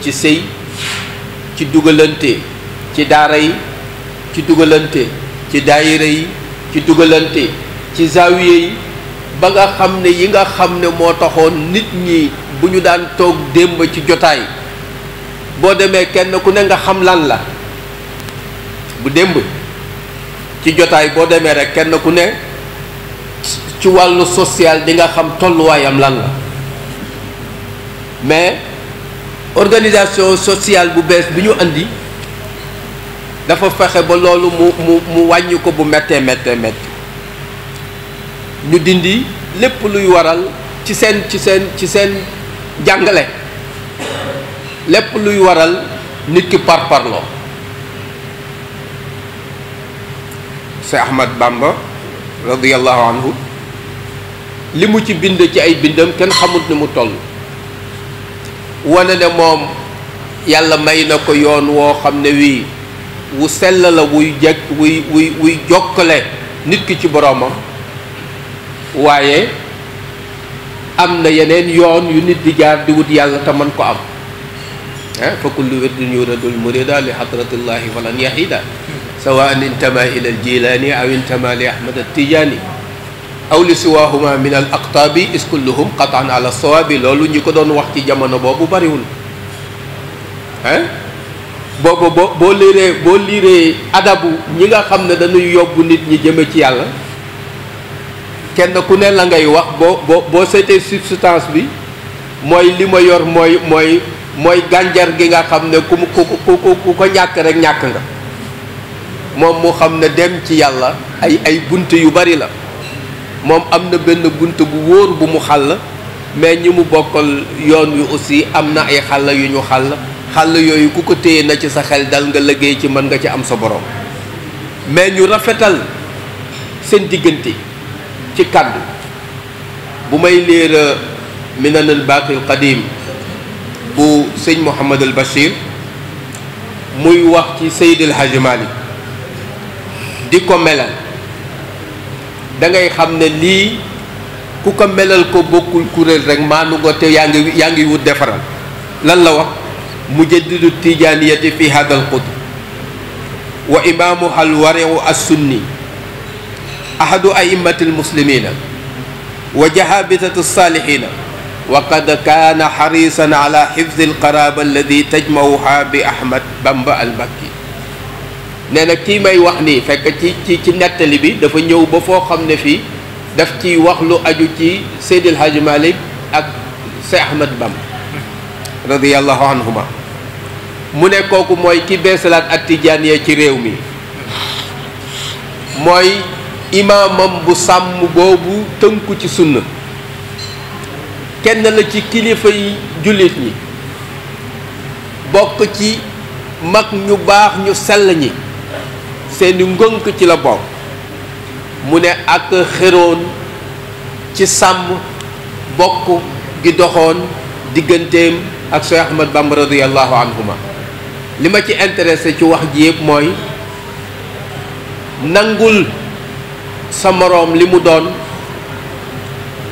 ci sëy ci dugalante ci daara yi ci dugalante ci daayira yi ci dugalante ci zawiye yi ba nga xam ne yi nga xam ne moo taxoon nit ñi bu ñu daan togg démb ci jotaay boo demee kenn ku ne nga xam lan la bu démb ci jotaay boo demee rek kenn ku ne ci wàllu social di nga xam tolluwaayam lan la mais organisation sociale bu bees bi ñu indi dafa fexe ba loolu mu mu mu wàññi ko bu méttee méttee métti ñu dindi lépp luy waral ci seen ci seen ci seen jàngale lépp luy waral nit ki par parloo Cheikh Ahmad Bamba radiyallahu anhu li mu ci bind ci ay bindam kenn xamut ni mu toll wane ne moom yàlla may na ko yoon woo xam ne wii wu sell la wuy jeg wuy wuy wuy jokkale nit ki ci boroomam waaye am na yeneen yoon yu nit di jaar di wut yàlla te man ko am ah fa kullu wirdin yuradul murida li hadratillahi falan yahida sawaan intama ila aljilaani aw intama li ahmad altijaani aw li siwahuma min al aqtaabi is kulluhum qatan ala sawaabi loolu ñi ko doon wax ci jamono boobu bariwul eh? boobu boo boo liiree boo liiree adabu ñi nga xam ne dañuy yóbbu nit ñi jëme ci yàlla kenn ku ne la ngay wax boo boo boo seetee substance bi mooy li ma yor mooy mooy mooy gànjar gi nga xam ne ku mu ku ku ku ko ñàkk rek ñàkk nga moom mu xam ne dem ci yàlla ay ay bunt yu bari la moom am na benn bunt bu wóor bu mu xàll mais ñi mu bokkal yoon wi aussi am na ay xàll yu ñu xàll xàll yooyu ku ko téye na ci sa xel dal nga liggéey ci mën nga ci am sa borom mais ñu rafetal seen diggante ci kàddu bu may liir minan al baaqil bu sëñ Mouhamad al muy wax ci Seydi El di ko melal dangay xam ne lii ku ko melal ko bokkul kuréel rek maanu nga te yaa ngi yaa ngi wut defaral lan la wax mujaddidu tijaaniyati fi hada al qutb wa imaamuha al wariu assunni ahadu aimati almuslimina wa jahabitati alsaalihina wa qad kaana xarisan ala xifdi alqaraaba alladi tajmauha bi ahmad bamba almakki nee na kii may wax nii fekk ci ci ci nettali bi dafa ñëw ba foo xam ne fii daf ciy wax lu aju ci Seydil Hadji Malick ak Seex Ahmad Bamba radiallahu anhuma mu ne kooku mooy ki beesalaat ak yee ci réew mi mooy imaamam bu sàmm boobu tënku ci sunna kenn la ci kilifa yi jullit ñi bokk ci mag ñu baax ñu sell ñi seeni ngënk ci la bokk mu ne ak xëroon ci sàmm bokk gi doxoon digganteem ak Seex Ahmad Bamba radiyallahu anhuma li ma ci intéressé ci wax ji yépp mooy nangul sa moroom li mu doon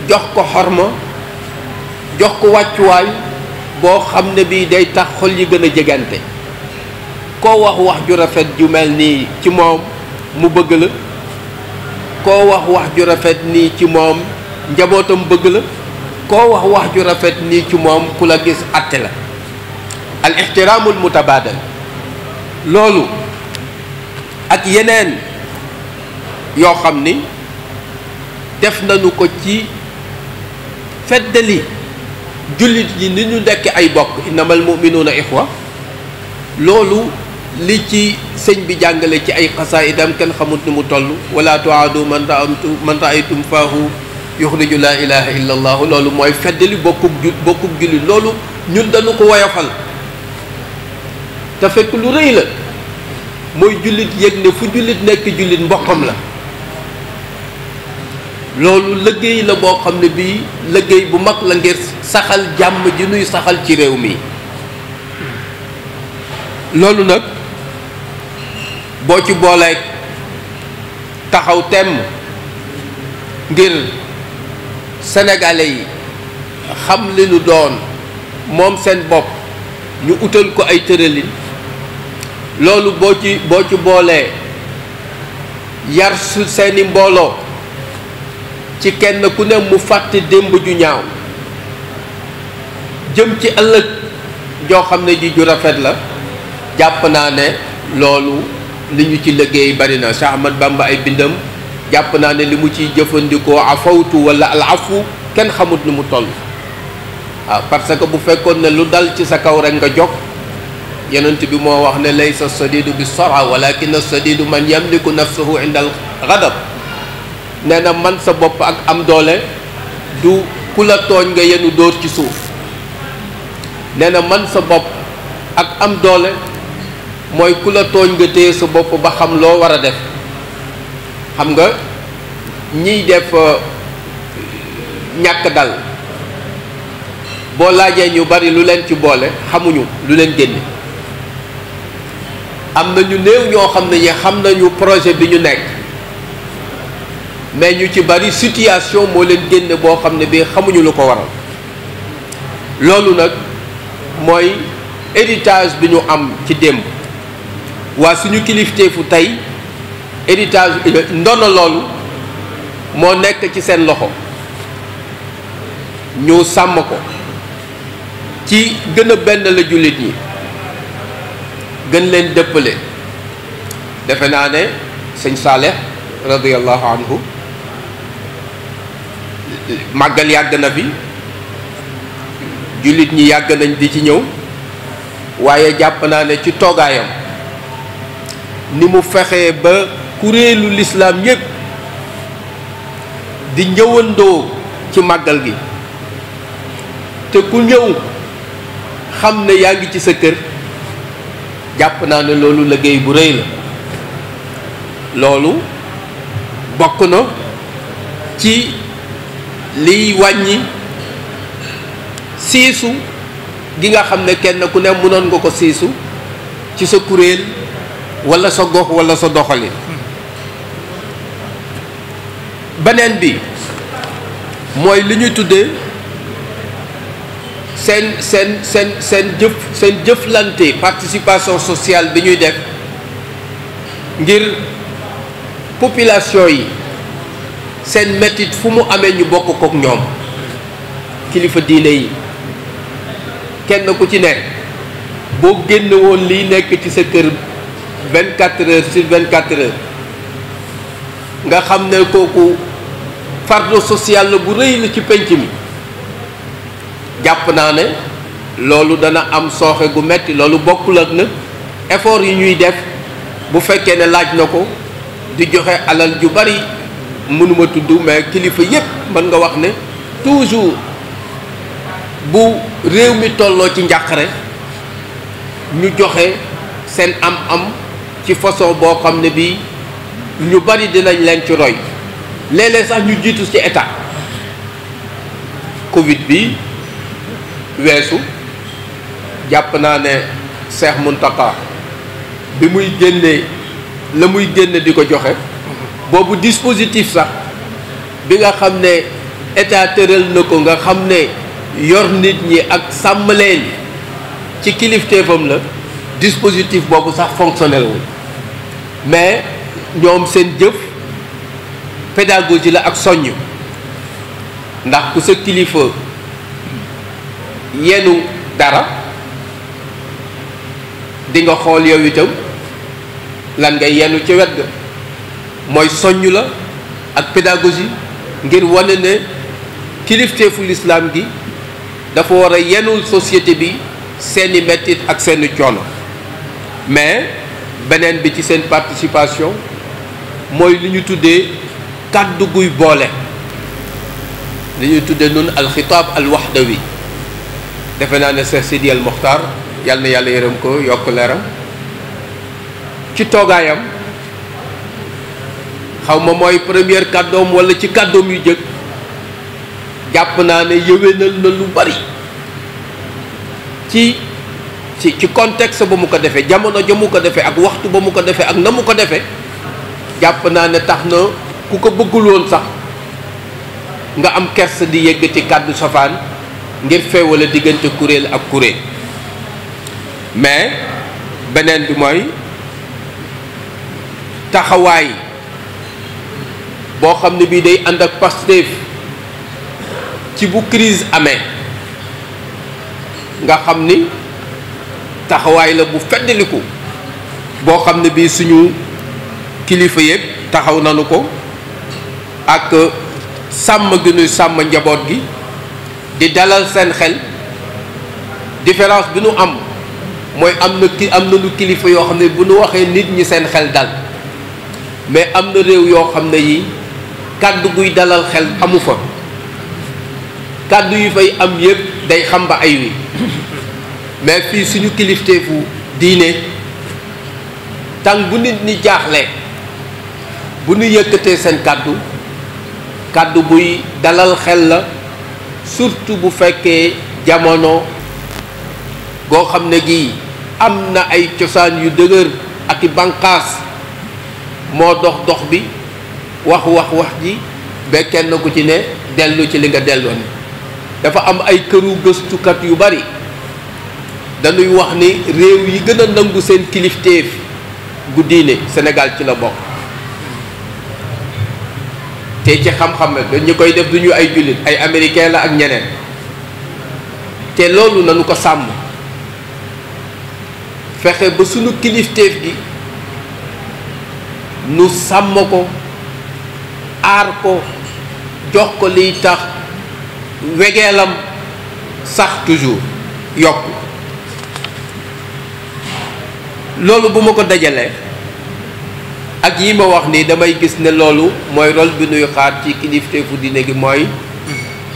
jox ko xorma jox ko wàccuwaay boo xam ne bii day tax xol yi gën a jegante koo wax wax ju rafet ju mel nii ci moom mu bëgg la koo wax wax ju rafet nii ci moom njabootam bëgg la koo wax wax ju rafet nii ci moom ku la gis àtte la al ixtiraamul mutabadal loolu ak yeneen yoo xam ni def nañu ko ci feddali jullit yi ni ñu nekk ay bokk innamal muminuuna ixwa loolu li ci sëñ bi jàngale ci ay dem kenn xamut ni mu toll wala tuaadu man raamtu man raaytum faahu yuxriju laa ilaha illa allahu loolu mooy feddali bokkub ju bokkub jullit loolu ñun dañu ko woyofal te fekk lu rëy la mooy jullit yëg ne fu jullit nekk jullit mbokkam la loolu liggéey la boo xam ne bii liggéey bu mag la ngir saxal jàmm ji nuy saxal ci réew mi loolu nag boo ci booleeg taxaw temm ngir senegale yi xam li nu doon moom seen bopp ñu utal ko ay tëralin loolu boo ci boo ci boolee yar su seeni mbooloo ci kenn ku ne mu fàtte démb ju ñaaw jëm ci ëllëg joo xam ne ji ju rafet la jàpp naa ne loolu li ñu ci liggéey bari na Cheikh Ahmad ay bindam jàpp naa ne li mu ciy jëfandikoo afawtu wala al afu kenn xamut nu mu toll waaw parce que bu fekkoon ne lu dal ci sa kaw rek nga jog yeneent bi moo wax ne laysa sadidu bi sora walakin sadidu man yamliku nafsahu inda al ghadab nee na man sa bopp ak am doole du ku la tooñ nga yenu dóor ci suuf ne na man sa bopp ak am doole mooy ku la tooñ nga téye sa bopp ba xam loo war a def xam nga ñiy def euh, ñàkk dal boo laajee ñu bari lu leen ci boole xamuñu lu leen génne am na ñu néew ñoo xam ne ñi xam nañu projet bi ñu nekk mais ñu ci bari situation moo leen génn boo xam ne bii xamuñu lu ko waral loolu nag mooy héritage bi ñu am ci démb waa suñu kilifteefu tey héritage ndono loolu moo nekk ci seen loxo ñu sàmm ko ci gën a benn la jullit ñi gën leen dëppale defe naa ne sëñ Saaleh radiallahu anhu màggal yàgg na fi jullit ñi yàgg nañ di ci ñëw waaye jàpp naa ne ci toogaayam ni mu fexee ba kuréelu lislaam yépp di ñëwandoo ci màggal gi te ku ñëw xam ne yaa ngi ci sa kër jàpp naa ne loolu liggéey bu rëy la loolu bokk na ci liy wàññi siisu gi nga xam ne kenn ku ne mënoon nga ko siisu ci sa kuréel walla sa gox walla sa doxalin beneen bi mooy li ñuy tudde seen seen seen seen jëf seen jëflante participation sociale bi ñuy def ngir population yi seen metit fu mu amee ñu bokk kook ñoom kilifa diine yi kenn ku ci nekk boo génn woon liy nekk ci sa kër 24 heures sur 24 heures nga xam ne kooku fardeau social la bu rëy la ci penc mi jàpp naa ne loolu dana am sooxe gu metti loolu bokkul ak nag effort yi ñuy def bu fekkee ne laaj na ko di joxe alal ju bari mënuma tudd mais kilifa yépp mën nga wax ne toujours bu réew mi tolloo ci njàqare ñu joxe seen am-am ci façon boo xam ne bi ñu bari dinañ leen ci roy léeg-léeg sax ñu jiitu ci état Covid bi weesu jàpp naa ne Cheikh Mountakha bi muy génnee la muy génne di ko joxe boobu dispositif sax bi nga xam ne état na ko nga xam ne yor nit ñi ak sàmm leen ci kilifteefam la dispositif boobu sax fonctionnel wul mais ñoom seen jëf pédagogie la ak soññ ndax ku sa kilifa yenu dara di nga xool yow itam lan nga yenu ci wet ga mooy soññ la ak pédagogie ngir wane ne kilifteefu lislaam gi dafa war a yenul société bi seeni mettit ak seeni coono mais beneen bi ci seen participation mooy li ñu tuddee kàddu guy boole li ñu tuddee nun alxitaab wi defe naa ne Cheikh Sidi El Mokhtar yàlla yàlla yërëm ko yokk leeram ci toogaayam xaw ma mooy première kàddoom wala ci kàddoom yu jëkk jàpp naa ne yëwénal na lu bari ci ci ci contexte ba mu ko defee jamono ja mu ko defee ak waxtu ba mu ko defee ak na mu ko defee jàpp naa ne tax na ku ko bëggul woon sax nga am kersa di yëggati kàddu safaan ngir feewala diggante kuréel ak kuréel mais beneen bi mooy taxawaay boo xam ne bii day ànd ak Pastef ci bu crise amee nga xam ni taxawaay la bu feddaliku boo xam ne bii suñu kilifa yëpp taxaw nanu ko ak sàmm gi ñuy sàmm njaboot gi di dalal seen xel différence bi nu am mooy am na ki am na lu kilifa yoo xam ne bu nu waxee nit ñi seen xel dal mais am na réew yoo xam ne yi kàddu guy dalal xel amu fa kàddu yu fay am yépp day xam ba ay wi mais fii suñu kilifteefu diine tàng bu nit ñi jaaxle bu ñu yëkkatee seen kàddu kàddu buy dalal xel la surtout bu fekkee jamono goo xam ne gii am na ay cosaan yu dëgër ak i bànqaas moo dox dox bi wax wax wax gi ba kenn ku ci ne dellu ci li nga delloon dafa am ay këru gëstukat yu bari dañuy wax ni réew yi gën nangu seen kilifteef gu diine senegal ci la bokk te ci xam-xam la ñu koy def du ñu ay jullit ay américain la ak ñeneen te loolu nanu ko sàmm fexe ba sunu kilifteef gi nu sàmm ko aar ko jox ko liy tax wegeelam sax toujours yokk loolu bu ma ko dajalee ak yi ma wax nii damay gis ne loolu mooy rol bi nuy xaar ci kilifteefu diine gi mooy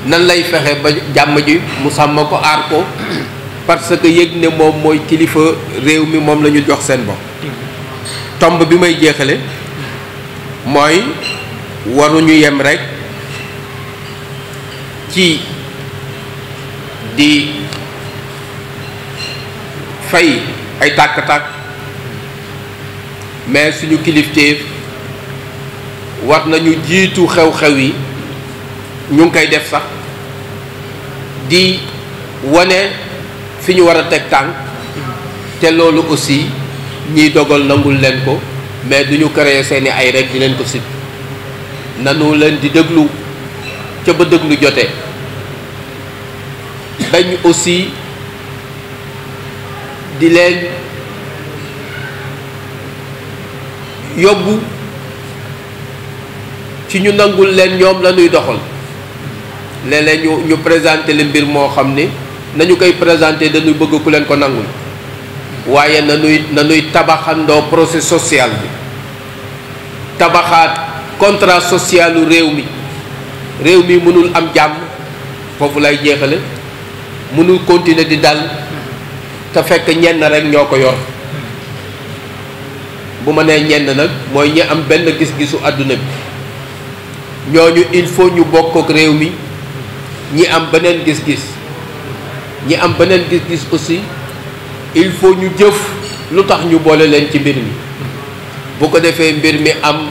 nan lay fexe ba jàmm ji mu sàmm ko aar ko parce que yëg ne moom mooy kilifa réew mi moom lañu jox seen bopp tomb bi may jeexale mooy waruñu yem rekk ci di fay ay tàkk-tàkk mais suñu kilifteef war nañu jiitu xew-xew yi ñu ngi koy def sax di wane fi ñu war a teg tànk te loolu aussi ñiy dogal nangul leen ko mais duñu créer seeni ay rek di leen ko sib nanu leen di déglu ca ba déglu jotee bañ aussi di leen yóbbu ci ñu nangul leen ñoom la ñuy doxal léeg-léeg ñu ñu présenté le mbir moo xam ni nañu koy présenté dañuy bëgg ku leen ko nangul waaye na nuy tabaxandoo procès social bi tabaxaat contrat socialu réew mi réew mi mënul am jàmm foofu lay jeexale mënul continuer di daal te fekk ñenn rek ñoo ko yor bu ma nee ñenn nag mooy ñi am benn gis-gisu àdduna bi ñooñu il faut ñu bokk ak réew mi ñi am beneen gis-gis ñi am beneen gis-gis aussi il faut ñu jëf lu tax ñu boole leen ci mbir mi bu ko defee mbir mi am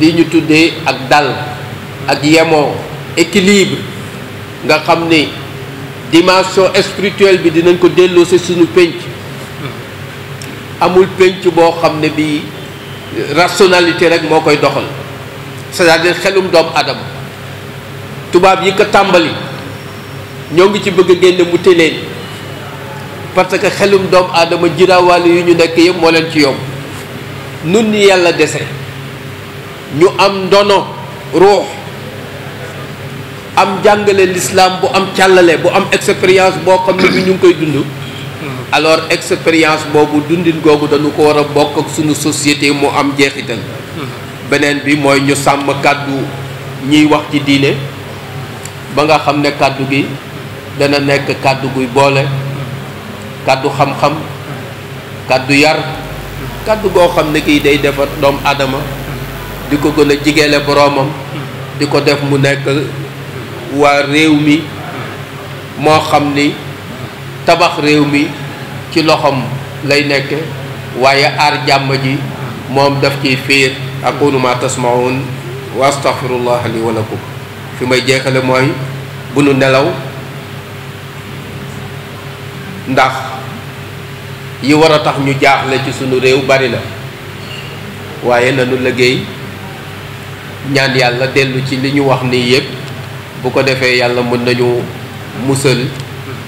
li ñu tuddee ak dal ak yemoo équilibre nga xam ni dimension spirituelle bi dinañ ko delloo si suñu pénc amul penc boo xam ne bii rationalité rek moo koy doxal c'est-à-dire xelum doomu adama tubaab yi ko tàmbali ñoo ngi ci bëgg a génne mu téleen parce que xelum doomu aadama jirawaale yu ñu nekk yëpp moo leen ci yomb nun ñi yàlla dese ñu am ndono ruux am jàngale lislaam bu am càllale bu am expérience boo xam ne bi ñu ngi koy dund alors expérience boobu dundin googu dañu ko war a bokk ak sunu société mu am jeexital hmm. beneen bi mooy ñu sàmm kàddu ñuy wax ci diine ba nga xam ne kàddu gi dana nekk kàddu guy boole kàddu xam-xam kàddu yar kàddu goo xam ne kii day defar doomu aadama di ko gën a jigéele boroomam di ko def mu nekk waa réew mi moo xam ni tabax réew mi ci loxoom lay nekk waaye aar jàmm ji moom daf ciy fiir aqulu ma tasmaun wa astaghfirullah li fi may jeexale mooy bu nu nelaw ndax yi war a tax ñu jaaxle ci sunu réew bari la waaye nanu liggéey ñaan yàlla dellu ci li ñu wax nii yépp bu ko defee yàlla mën nañu musal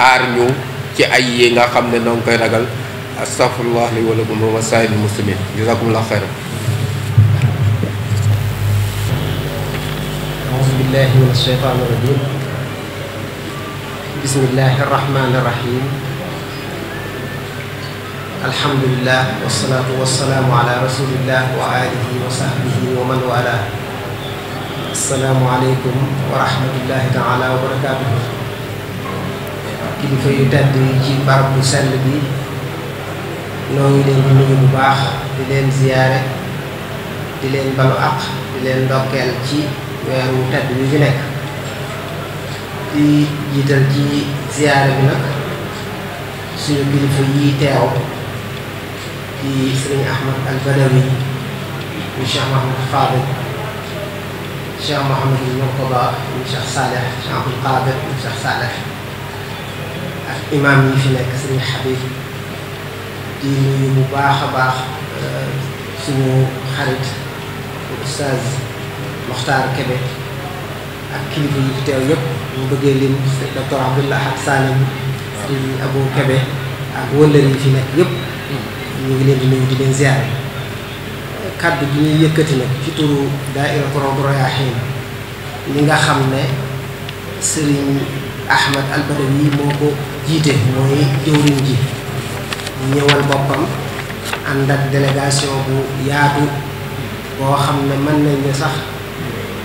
aar ñu ci ay yi nga xam ne noongi koy ragal astaghfirullah li wa lakum wa saa'iril muslimin jazakumullah khairan a'uuzu billahi minash shaytaani rajim bismillahi rahmaani rahim alhamdulillah wassalaatu wassalaamu ala rasulillah wa alihi wa sahbihi wa man wala assalaamu aleykum wa rahmatullahi taala wa barakatuh kilifa yu tedd yi ci barab bu sell bi noo ngi leen di bu baax di leen ziyaare di leen balu àq di leen ndokkeel ci weer tedd yu fi nekk di jiital ci ziyaare bi nag suñu kilifa yi teew di sëriñ Ahmad al Badawi ñu Cheikh Mahamad Fadil Cheikh Mouhamadou Mourtada ñu Cheikh Saleh Cheikh Abdoul Qadir ñu Cheikh Saleh imaam yi fi nekk suñu xarit di nuyu bu baax a baax euh, suñu xarit oustaz Mokhtar Kébé ak kilifa yi fi teew yépp ñu bëggee lim docteur Abdullah ak Salim sëñ Abou Kébé ak wëllër yi fi nekk yëpp ñu ngi leen di nuyu di leen ziare kàddu gi ñuy yëkkati nag ci turu daaira Rawdu Rayaahiin li nga xam ne Serigne Ahmed Albadawi moo ko jiite mooy jëwriñ ji ñëwal boppam ànd ak délégation bu yaatu boo xam ne mën nañ ne sax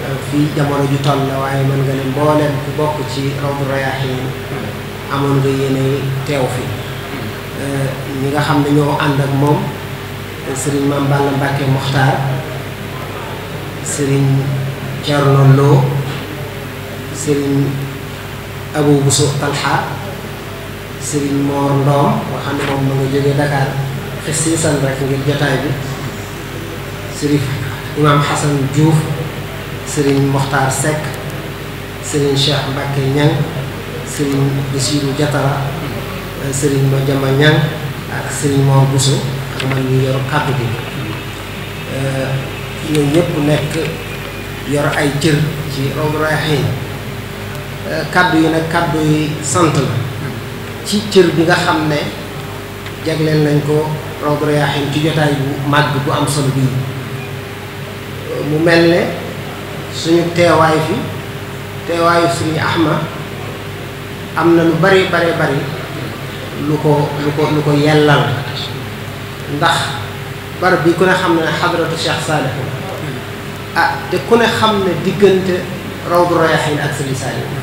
euh, fii jamono ju toll la waaye mën nga ne mbooleem ku bokk ci Rawdu Rayaahiin amoon nga yéene teew fi euh, ñi nga xam ne ñoo ànd ak moom sëriñ Maam Balla Mbàkke Muxtaar sëriñ Cerno sëriñ Abu Buso Talha Serigne Mor Ndoom nga xam ne moom mu nga jógee Dakar xis si san rek ngir jotaay bi Serigne Imam Xasan Diouf Serigne Mokhtar Seck Serigne Cheikh Mbacke Niang Serigne Bassirou Diatara Serigne Madiama Niang ak Serigne Mor Bousso ak man ñu yor kàddu gi ñooñu eh, ñëpp nekk yor ay cër ci Rawdu Rayaahiin eh, kàddu yi nag kàddu yi sant la ci cër bi nga xam ne jagleel nañ ko Rawdu Rayaahiin ci jotaay bu màgg bu am solo bii mu mel ne suñu teewaay fi teewaayu suñu Axma am na lu bari bari bari lu ko lu ko lu ko yellal ndax barab bi ku ne xam ne xadratu Cheikh Saliou ah te ku ne xam ne diggante Rawdu Rayaahiin ak Sëriñ Saliou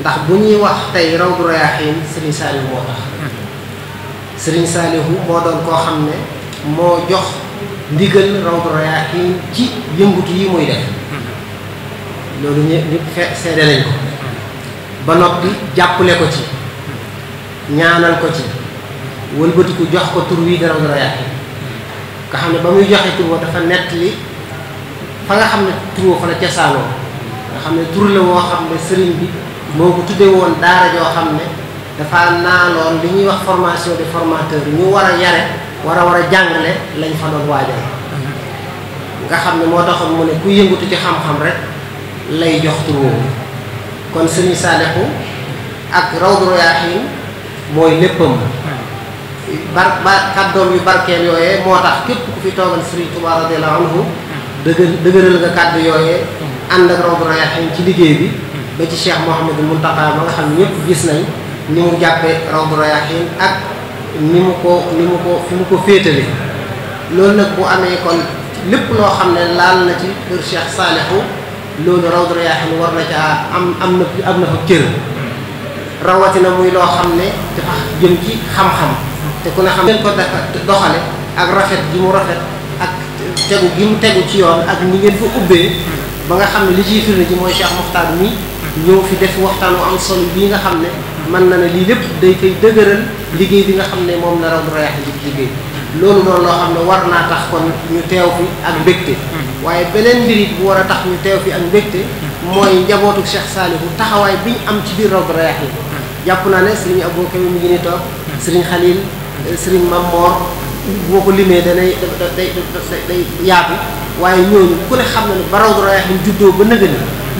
ndax bu ñuy wax tey Rawdu Rayaahiin Serigne Saliou moo tax Serigne Saliou moo doon koo xam ne moo jox ndigal Rawdu Rayaahiin ci yëngutu yi muy def loolu ñëpp fe seede ko ba noppi jàppale ko ci ñaanal ko ci wëlbatiku jox ko tur wi Rawdu Rayaahiin nga xam ne ba muy joxe tur wa dafa nett li fa nga xam ne tur wa fa la cosaanoo nga xam ne tur la woo xam ne sëriñ bi moo ko tuddee woon daara joo xam ne dafa naa naaloon li ñuy wax formation de formateur ñu war a yare war a war a jàngale lañ fa doon waajal nga xam ne moo taxoon mu ne ku yëngutu ci xam-xam rek lay jox tur kon Sëriñ Saalihu ak Rawdu Rayaahiin mooy léppam bar ba kàddoom yu barkeel yooyee moo tax képp ku fi toogal Sëriñ Tuubaa radiyallaahu anhu dëgër dëgëral nga kàddu yooyee ànd ak Rawdu Rayaahiin ci liggéey bi ba ci Cheikh Mouhamadou Mountakha ba nga xam ne ñëpp gis nañ ni mu jàppee Rawdu Rayaahiin ak ni mu ko ni mu ko fi loolu nag bu amee kon lépp loo xam ne laal na ci kër Cheikh Saalihu loolu Rawdu Rayaahiin war na caa am am na am fa cër rawatina muy loo xam ne dafa jëm ci xam-xam te ku ne xam ngeen ko doxale ak rafet gi mu rafet ak tegu gi mu tegu ci yoon ak ni ngeen ko ubbee ba nga xam ne li ciy firnde ji mooy Cheikh Mokhtar mi ñëw fi def waxtaan wu am solo bii nga xam ne man na ne lii lépp day koy dëgëral liggéey bi nga xam ne moom la Rawdu Rayaahiin di liggéey loolu noonu loo xam ne war naa tax kon ñu teew fi ak mbégte waaye beneen mbir bu war a tax ñu teew fi ak mbégte mooy njabootu Cheikh Saliou taxawaay bi am ci biir Rawdu Rayaahiin jàpp naa ne Serigne Abou Kémi mi ngi ni toog Serigne Khalil Serigne Mamor boo ko limee danay day day day yaatu waaye ñooñu ku ne xam na ne ba rawdu rayaahiin juddoo ba nëgë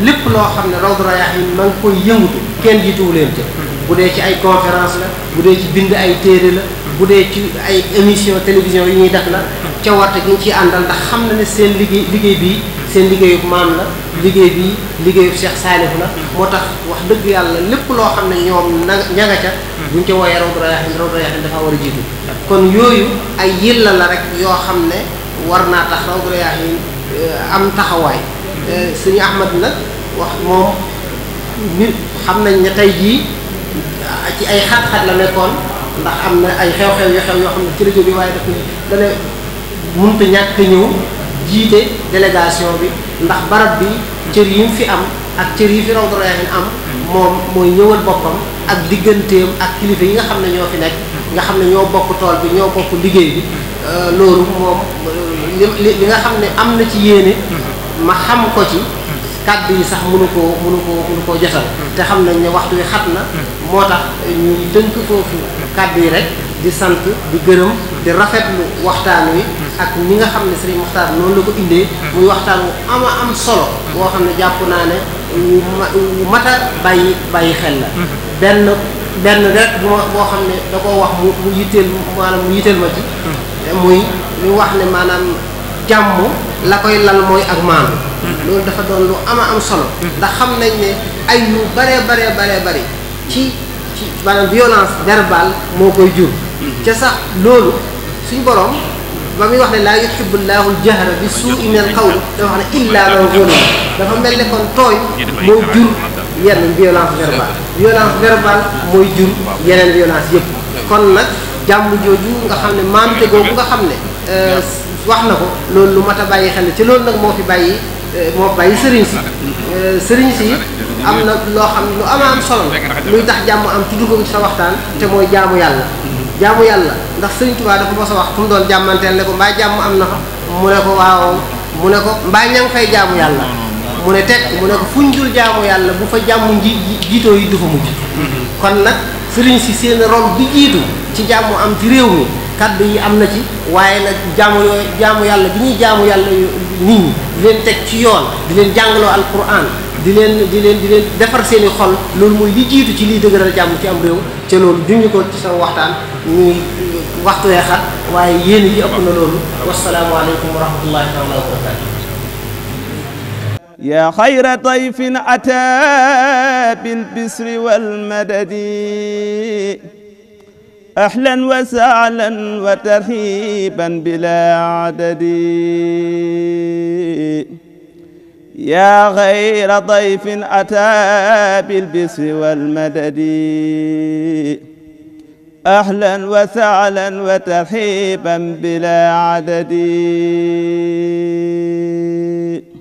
lépp loo xam ne rawdu rayaahiin ma ngi koy yëngutu kenn jiituwu leen ca bu dee ci ay conférence la bu dee ci bind ay téere la bu dee ci ay émission télévision yi ñuy def la ca warte gi ñu ci àndal ndax xam na ne seen liggéey liggéey bii seen liggéeyub maam la liggéey bii liggéeyub Cheikh Salif la moo tax wax dëgg yàlla lépp loo xam ne ñoom na ña nga ca buñ ca wooyee rawdu rayaahiin rawdu rayaahiin dafa war a jiitu kon yooyu ay yilla la rek yoo xam ne war naa tax rawdu euh, am taxawaay euh, suñu ahmad nag wax moom xam nañ ne tey jii ci ay xat-xat la nekkoon ndax am na ay xew-xew yu xew yoo xam ne ci rajo bi waaye daf ne dana mënta ñàkk ñëw jiite délégation bi ndax barab bi cër yi fi am ak cër yi fi rawdu am moom mooy ñëwal boppam ak digganteem ak kilifa yi nga xam ne ñoo fi nekk nga xam ne ñoo bokk tool bi ñoo bokk liggéey bi euh, loolu moom li li nga xam ne am na ci yéene mhm. ma xam ko ci mhm. kàdd yi sax mënu koo mënu koo mënu koo jotal mhm. te xam nañ ne waxtu wi xat na moo tax ñuy tënk foofu kàdd yi rek di sant di gërëm di rafetlu waxtaan wi ak ñi nga xam ne Serigne Mokhtar noonu la ko indee muy waxtaan wu am am solo boo xam ne jàpp naa ne wu mat a bàyyi bàyyi xel la benn benn rek boo xam ne da koo wax mu mu yitteel maanaam mu yitteel ma ci muy ñu wax ne maanaam jàmm la koy lal mooy ak maandu loolu dafa doon lu ama am solo ndax xam nañ ne ay yu baree baree baree bari ci ci maanaam violence verbale moo koy jur ca sax loolu suñ borom ba muy wax ne laa yuhibbu llaahu l-jahra bi suu'i mina l-qawli dafa wax ne illaa man zulima dafa mel ne kon tooñ moo jur yenn violence verbale violence verbale mooy jur yeneen violence yëpp kon nag jàmm jooju nga xam ne maante googu nga xam ne euh, wax na ko loolu lu mat a bàyyi xel ci loolu nag moo fi bàyyi eh, moo bàyyi sëriñ si eh, sëriñ si am na loo xam lu ama am solo luy tax jàmm am tudd ko ci sa waxtaan te mooy jaamu yàlla jaamu yàlla ndax sëriñ Tuubaa dafa mos a wax fu mu doon ne ko mbaa jàmm am na mu ne ko waaw mu ne ko mbaa ña ngi fay jaamu yàlla mu ne fuñ dul jaamu yàlla bu fa jàmm ji jiitoo yi du fa mujj mhm. kon nag sëriñ si seen rôle bi jiitu ci jàmm am ci réew mi kaddu yi am na ci waaye nag jaamu yooyu jaamu yàlla bi ñuy jaamu yàlla nit ñi di leen teg ci yoon di leen jàngaloo alquran di leen di leen di leen defar seeni xol loolu mooy li jiitu ci liy dëgëral jàmm ci am réew ca loolu junj ko ci sama waxtaan ñuy waxtu wee xat waaye yéen yi ëpp na loolu wasalaamualeykum wa rahmatullahi taala wa barakatu ya xayra tayfin ata bil bisri wal madadi ahlan wa sahlan wa tarhiban bila adadi ya ghayra dayfin ata bil bisri wal madadi ahlan wa sahlan wa tarhiban bila adadi